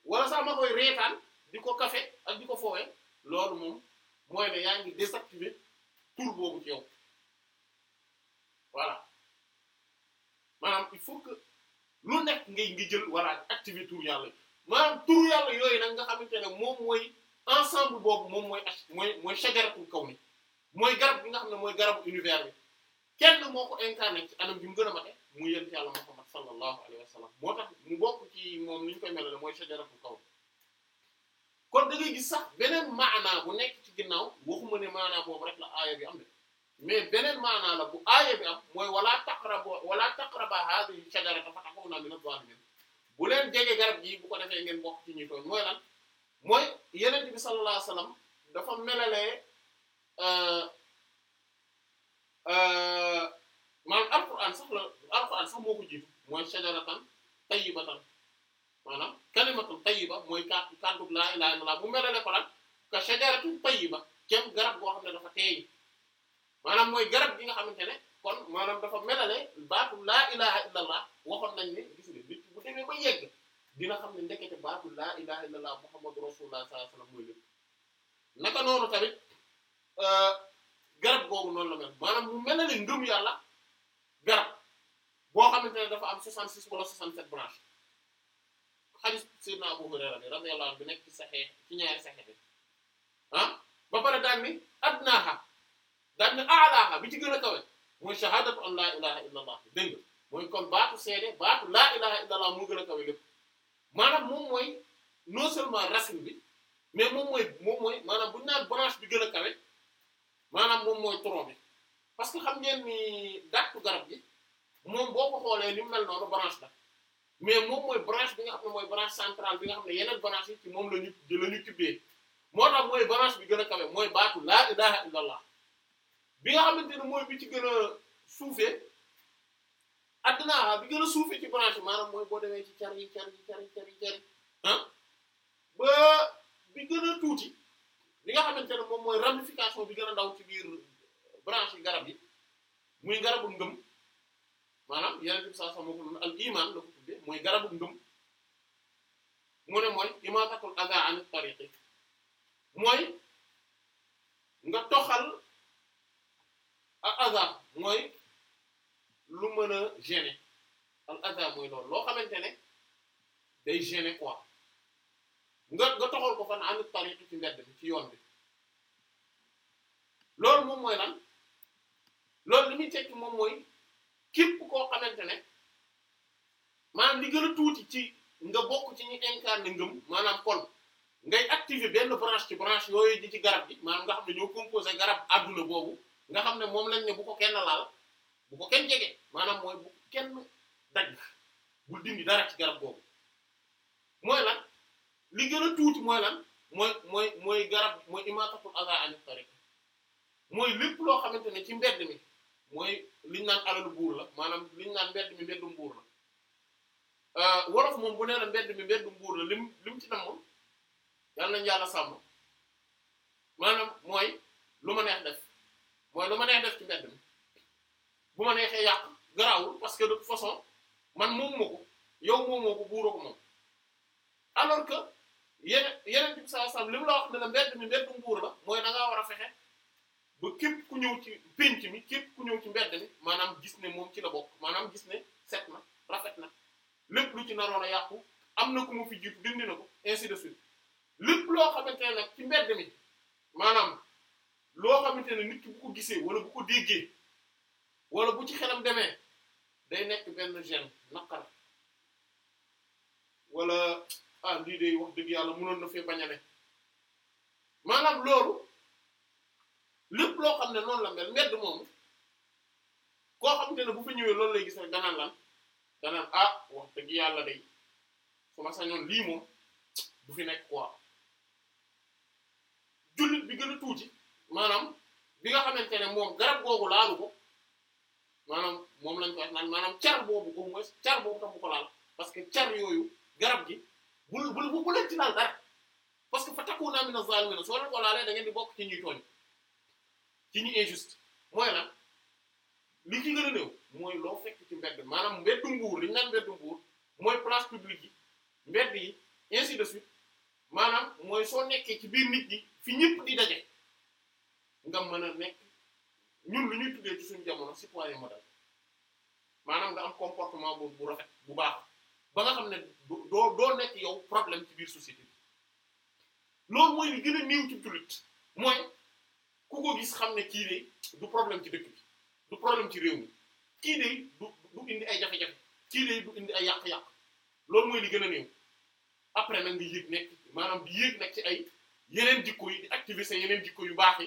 wala sax ma koy reetaan di ko kafe ak di ko foowee loolu moom mooy ne yaa ngi désactiver tour boobu ci yow voilà maanaam il faut que lu nekk ngay ngi jël wala activer tour yàlla maanaam tour yàlla yooyu nag nga xamante ne moom mooy ensemble boobu moom mooy mooy mooy shajaratul kaw ni mooy garab bi nga xam ne mooy garabu univers bi kenn moo ko incarné ci anam bi mu gën a mate muy yent yàlla mate sallallahu alayhi wa sallam moo tax mu bokk ci moom ni ñu koy melale mooy sajaratul kaw kon da gis sax beneen maanaa bu nekk ci ginnaaw waxuma ne maanaa boobu rek la aaya bi am de mais beneen maanaa la bu aaya mooy wala taqrabu wala taqraba hadhihi shajarata fa bu leen jege garab gi bu ko defee bokk ci ñuy tooñ mooy lan yeneen bi sallallahu alayhi wa dafa melalee euh, euh, maanaam alquran sax moo ko jiitu mooy shajaratan tayyibatan maanaam kalimatun tayyiba mooy kàddu kàddu laa ilaaha illallaah bu melale ko lan ka shajaratin tayyiba kéem garab goo xam ne dafa teey maanaam mooy garab gi nga xamante ne kon maanaam dafa melale baatu laa ilaaha illallaah waxoon nañ ne nga xam ne ndekete baatu laa ilaaha illallaah muhammadu rasulullah sallallaahu alayhi wa sallam mooy lépp naka noonu tamit euh, garab googu noonu la mel maanaam mu melale ngëm yàlla garab. boo xamante dafa am 66 wala 67 branches xadis Seydina Abu bi nekk ci Sahih ci ñaari Sahih ah ba pare daan ni adnaaha daan ni a'laaha bi ci gën a kawe mooy shahadatu an laa ilaha illa allah mooy kon baatu seede baatu laa ilaha illa moo gën a kawe lépp maanaam moom mooy non seulement racine bi mais moom mooy moom mooy maanaam bu ñu naan branche bi gën a kawe maanaam moom mooy tronc bi parce que xam ngeen ni dàttu garab gi. moom boo ko xoolee ni mu mel noonu branche la mais moom mooy branche bi nga xam ne mooy branche centrale bi nga xam ne yeneen branche yi moom la ñu la ñu tibbee moo tax mooy branche bi gën a kawe mooy baatu laa ilaha illallah bi nga xamante ne mooy bi ci gën a suufee addinaa bi gën a suufee ci branche maanaam mooy boo demee ci car yi car yi car yi car yi ah, bi gën a tuuti li nga xamante ne moom mooy ramification bi gën a ndaw ci biir branche yi garab yi muy garabul ngëm maanaam yeneen bi saa saa moo ko doon al iman la mooy garabu ndum mu ne a imaatatul aza tariqi mooy nga toxal ak aza mooy lu mën a gêner al aza mooy loolu loo xamante ne day gêner quoi nga nga toxal ko fan an tariqi ci mbedd bi ci yoon bi loolu moom mooy lan loolu li muy tekki moom mooy képp koo xamante ne maanaam li gën a tuuti ci nga bokk ci ñi incarné ngëm maanaam kon ngay activer benn branche ci branche yooyu ji ci garab bi maanaam nga xam ne ñoo composé garab adduna boobu nga xam ne moom lañ ne bu ko kenn laal bu ko kenn jege maanaam mooy bu kenn dagg bul dindi dara ci garab boobu mooy lan li gën a tuuti mooy lan mooy mooy garab mooy imatatul aza anit tariq mooy lépp loo xamante ne ci mbedd mi mooy liñ naan alalu buur la maanaam liñ naan bedd mi mbeddum mbuur la euh, wolof moom bu nee na mbedd mi mbeddum mbuur la lim lim ci namoon yàlla nañu yàlla sàmm maanaam mooy lu ma neex def mooy lu ma neex def ci mbedd mi bu ma neexee yàq garaawul parce que de toute façon man moom moo ko yow moom moo ko buuroo ko moom alors que yeneen yeneen bi sallallahu alayhi wasallam li mu la wax ne la mbedd mi mbeddum buur la mooy na ngaa war a fexe ba képp ku ñëw ci pénc mi képp ku ñëw ci mbedd mi maanaam gis ne moom ci la bokk maanaam gis ne set na rafet na lépp lu ci naroon a yàqu am na ku mu fi jiitu dindi na ko ainsi de suite lépp loo xamante ne nag ci mbedd mi maanaam loo xamante ne nit ki bu ko gisee wala bu ko déggee wala bu ci xelam demee day nekk benn gêne naqar wala ah lii day wax dëgg yàlla munoon na fee bañ a maanaam loolu. lépp loo xam ne noonu la mel mbedd moomu koo xam te ne bu fa ñëwee loolu lay gis rek danaan lan danaan ah wax dëgg yàlla day su ma sañoon lii moom bu fi nekk quoi jullit bi gën a tuuti maanaam bi nga xamante ne moom garab googu laalu ko maanaam moom lañ ko wax naan maanaam car boobu au moins car boobu tax bu ko laal parce que car yooyu garab gi bul bul bu leen ci laal dara parce que fa takku naa mi na zaalimiina soo leen ko laalee da ngeen di bokk ci ñuy tooñ ci ñu injuste mooy lan li ci gën a mooy loo fekk ci mbedd maanaam mbeddu nguur li ñu naan mbeddu nguur mooy place publique yi mbedd yi ainsi de suite maanaam mooy soo nekkee ci biir nit yi fi ñëpp di daje nga mën a nekk ñun lu ñuy tuddee ci suñu jamono citoyen modèle maanaam nga am comportement bu bu bu baax ba nga xam ne doo doo nekk yow problème ci biir société bi loolu mooy li gën a néew ci jullit mooy ku ko gis xam ne kii de du problème ci dëkk bi du problème ci réew mi kii de du du indi ay jafe-jafe kii de du indi ay yàq-yàq loolu mooy li gën a néew après nag nga yéeg nekk maanaam di yéeg nag ci ay yeneen jikko yi di yeneen jikko yu baax yi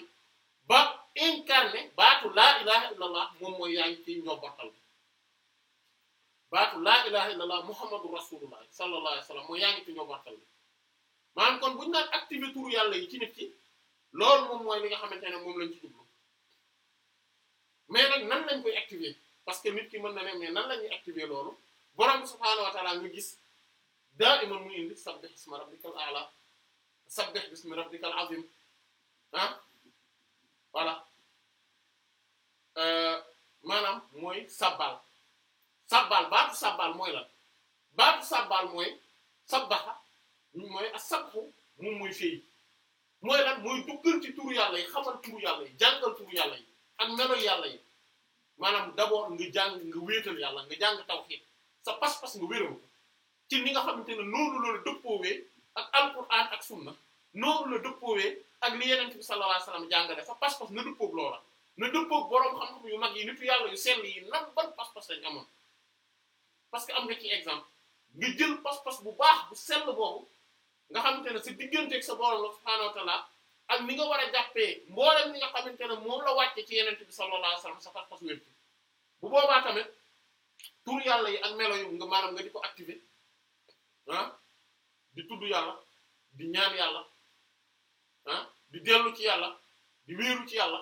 ba incarné baatu laa ilaha illallah moom mooy yaa ngi ciy njobbatal bi baatu laa ilaha illallah muhammadu rasulullah sallallahu alayhi wasallam mooy yaa ngi ci njobbatal bi maanaam kon buñu naan activer turu yàlla yi loolu moom mooy li nga xamante ne moom lañ ci jublu mais nag nan lañ koy activer parce que nit ki mën na ne nan la ñuy activer loolu borom subhaanahu wa taala nga gis daa iman mu indi sabbih isma rabbikal a'la sabbih bismi rabbikal azim ah euh, maanaam mooy sabbal sabbal baatu sabbal mooy la baatu sabbal mooy sabbaha mooy as-sabhu moom mooy fii. mooy lan mooy duggal ci turu yàlla yi xamal turu yàlla yi jàngal turu yàlla yi ak melo yàlla yi maanaam d'abord nga jàng nga wéetal yàlla nga jàng tawhid sa pas-pas nga wéral ko ci ni nga xamante ne noonu la dëppoowee ak alquran ak sunna noonu la dëppoowee ak li yeneen bi sallallahu alayhi wasallam jàngale sa pas-pas na dëppoog loola na dëppoog boroom xam-xam yu mag yi nitu yàlla yu sell yi nan ban pas-pas lañ amoon parce que am nga ci exemple nga jël pas-pas bu baax bu sell boobu nga xamante ne sa digganteeg sa borom la subhaanahu wa ak ni nga war a jàppee mboolem ni nga xamante ne moom la wàcce ci yeneen bi sallallahu alayhi wasallam sa pas-pas bu boobaa tamit tur yàlla yi ak melo yu nga maanaam nga di ko ah, di tudd yàlla di ñaan yàlla ah, di dellu ci yàlla di wéeru ci yàlla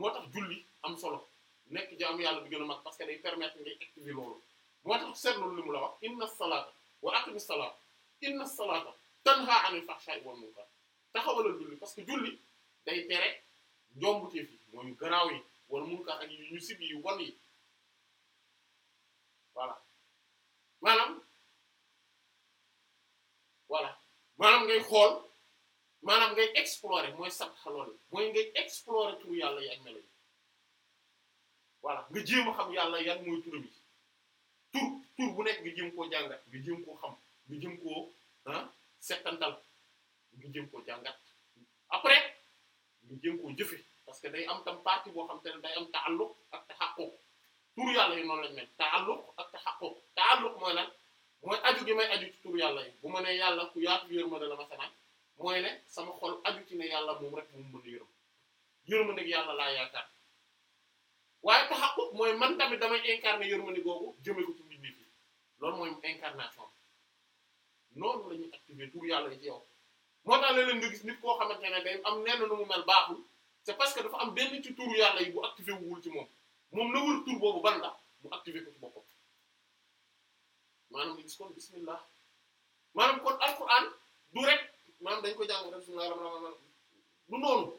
moo tax julli am solo nekk jaamu yàlla bi gën a parce que day permettre ngay activé loolu moo mu la wax inna salaata inna salaata tanha anil fahsha'i wal munkar taxawalal julli parce que julli day tere njombuteef yi mooy yu garaaw yi wal munkar ak yu ñu sib yu bon yi maanaam ngay xool maanaam ngay explorer mooy sab xalool mooy ngay explorer turu yàlla yi ak melo yi voilà nga jéem xam yàlla yan mooy turam yi tur tur bu nekk nga jëm koo jàngat nga jéem koo xam nga jëm koo ah settantal nga jëm ko jàngat après nga jëm jëfe parce que day am tam partie boo xam te ne day am taalluq ak taxaqquq tur yàlla yi noonu lañ mel taalluq ak taxaqquq taalluq mooy lan mooy aju gi may aju ci yàlla yi bu ma yàlla ku yaatu yërmande la ma mooy ne sama xol aju ci ne yàlla moom rek moom mën a yërëm yàlla laa yaakaar waaye taxaqquq mooy man tamit damay incarner yërmande googu jëme ko ci mbindeef loolu mooy incarnation noonu la ñuy activer tur yàlla yi ci yow moo tax la leen nga gis nit koo xamante ne day am nenn nu mu mel baaxul c'est parce que dafa am benn ci turu yàlla yi bu activé wuwul ci moom moom na wër tur boobu ban la mu activé ko ci boppam maanaam nga gis kon bismillah maanaam kon alquran du rek maanaam dañ koy jàng rek bismillah rahmaani du noonu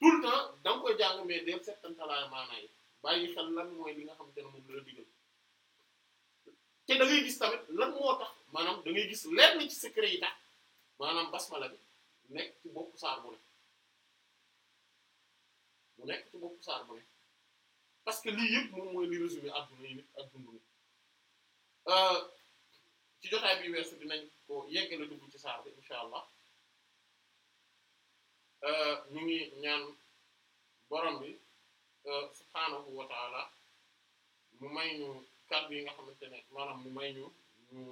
tout le temps da nga koy jàng mais deel settantalaay maanaa yi nga xamante ne te da gis tamit lan moo tax maanaam da ngay gis lenn ci secret yi tax maanaam basmala bi nekk ci boppu saar bu ne mu nekk ci boppu saar bu ne parce que lii yëpp moom mooy li résumé adduna yi nit ak dundu nit euh, ci jotaay bi weesu dinañ ko yeggale dugg ci saar bi incha allah euh, ñu ngi ñaan borom bi euh, subhaanahu wa mu may ñu kàddu yi nga xamante ne maanaam mu may ñu ñu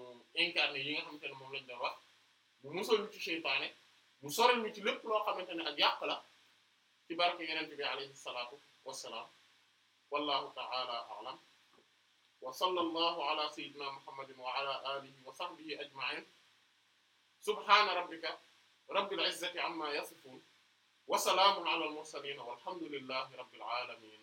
incarné yi nga xamante ne moom lañ doon wax mu musal ñu ci seytaane mu sorel ñu ci lépp loo xamante ne ak yàq la ci barke yenente bi alayhi salaatu wassalaam wallahu ta'ala a'lam wa sallallahu ala sayyidina muhammadin wa ala alihi wa sahbihi ajma'in subhana rabbika rabbil izzati amma yasifun wa salaamun ala al mursalin walhamdulillahi rabbil alamin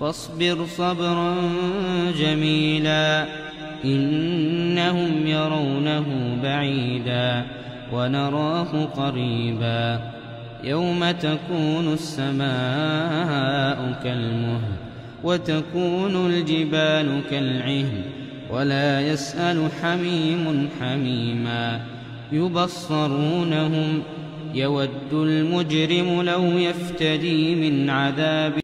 فاصبر صبرا جميلا إنهم يرونه بعيدا ونراه قريبا يوم تكون السماء كالمهل وتكون الجبال كالعهن ولا يسأل حميم حميما يبصرونهم يود المجرم لو يفتدي من عذاب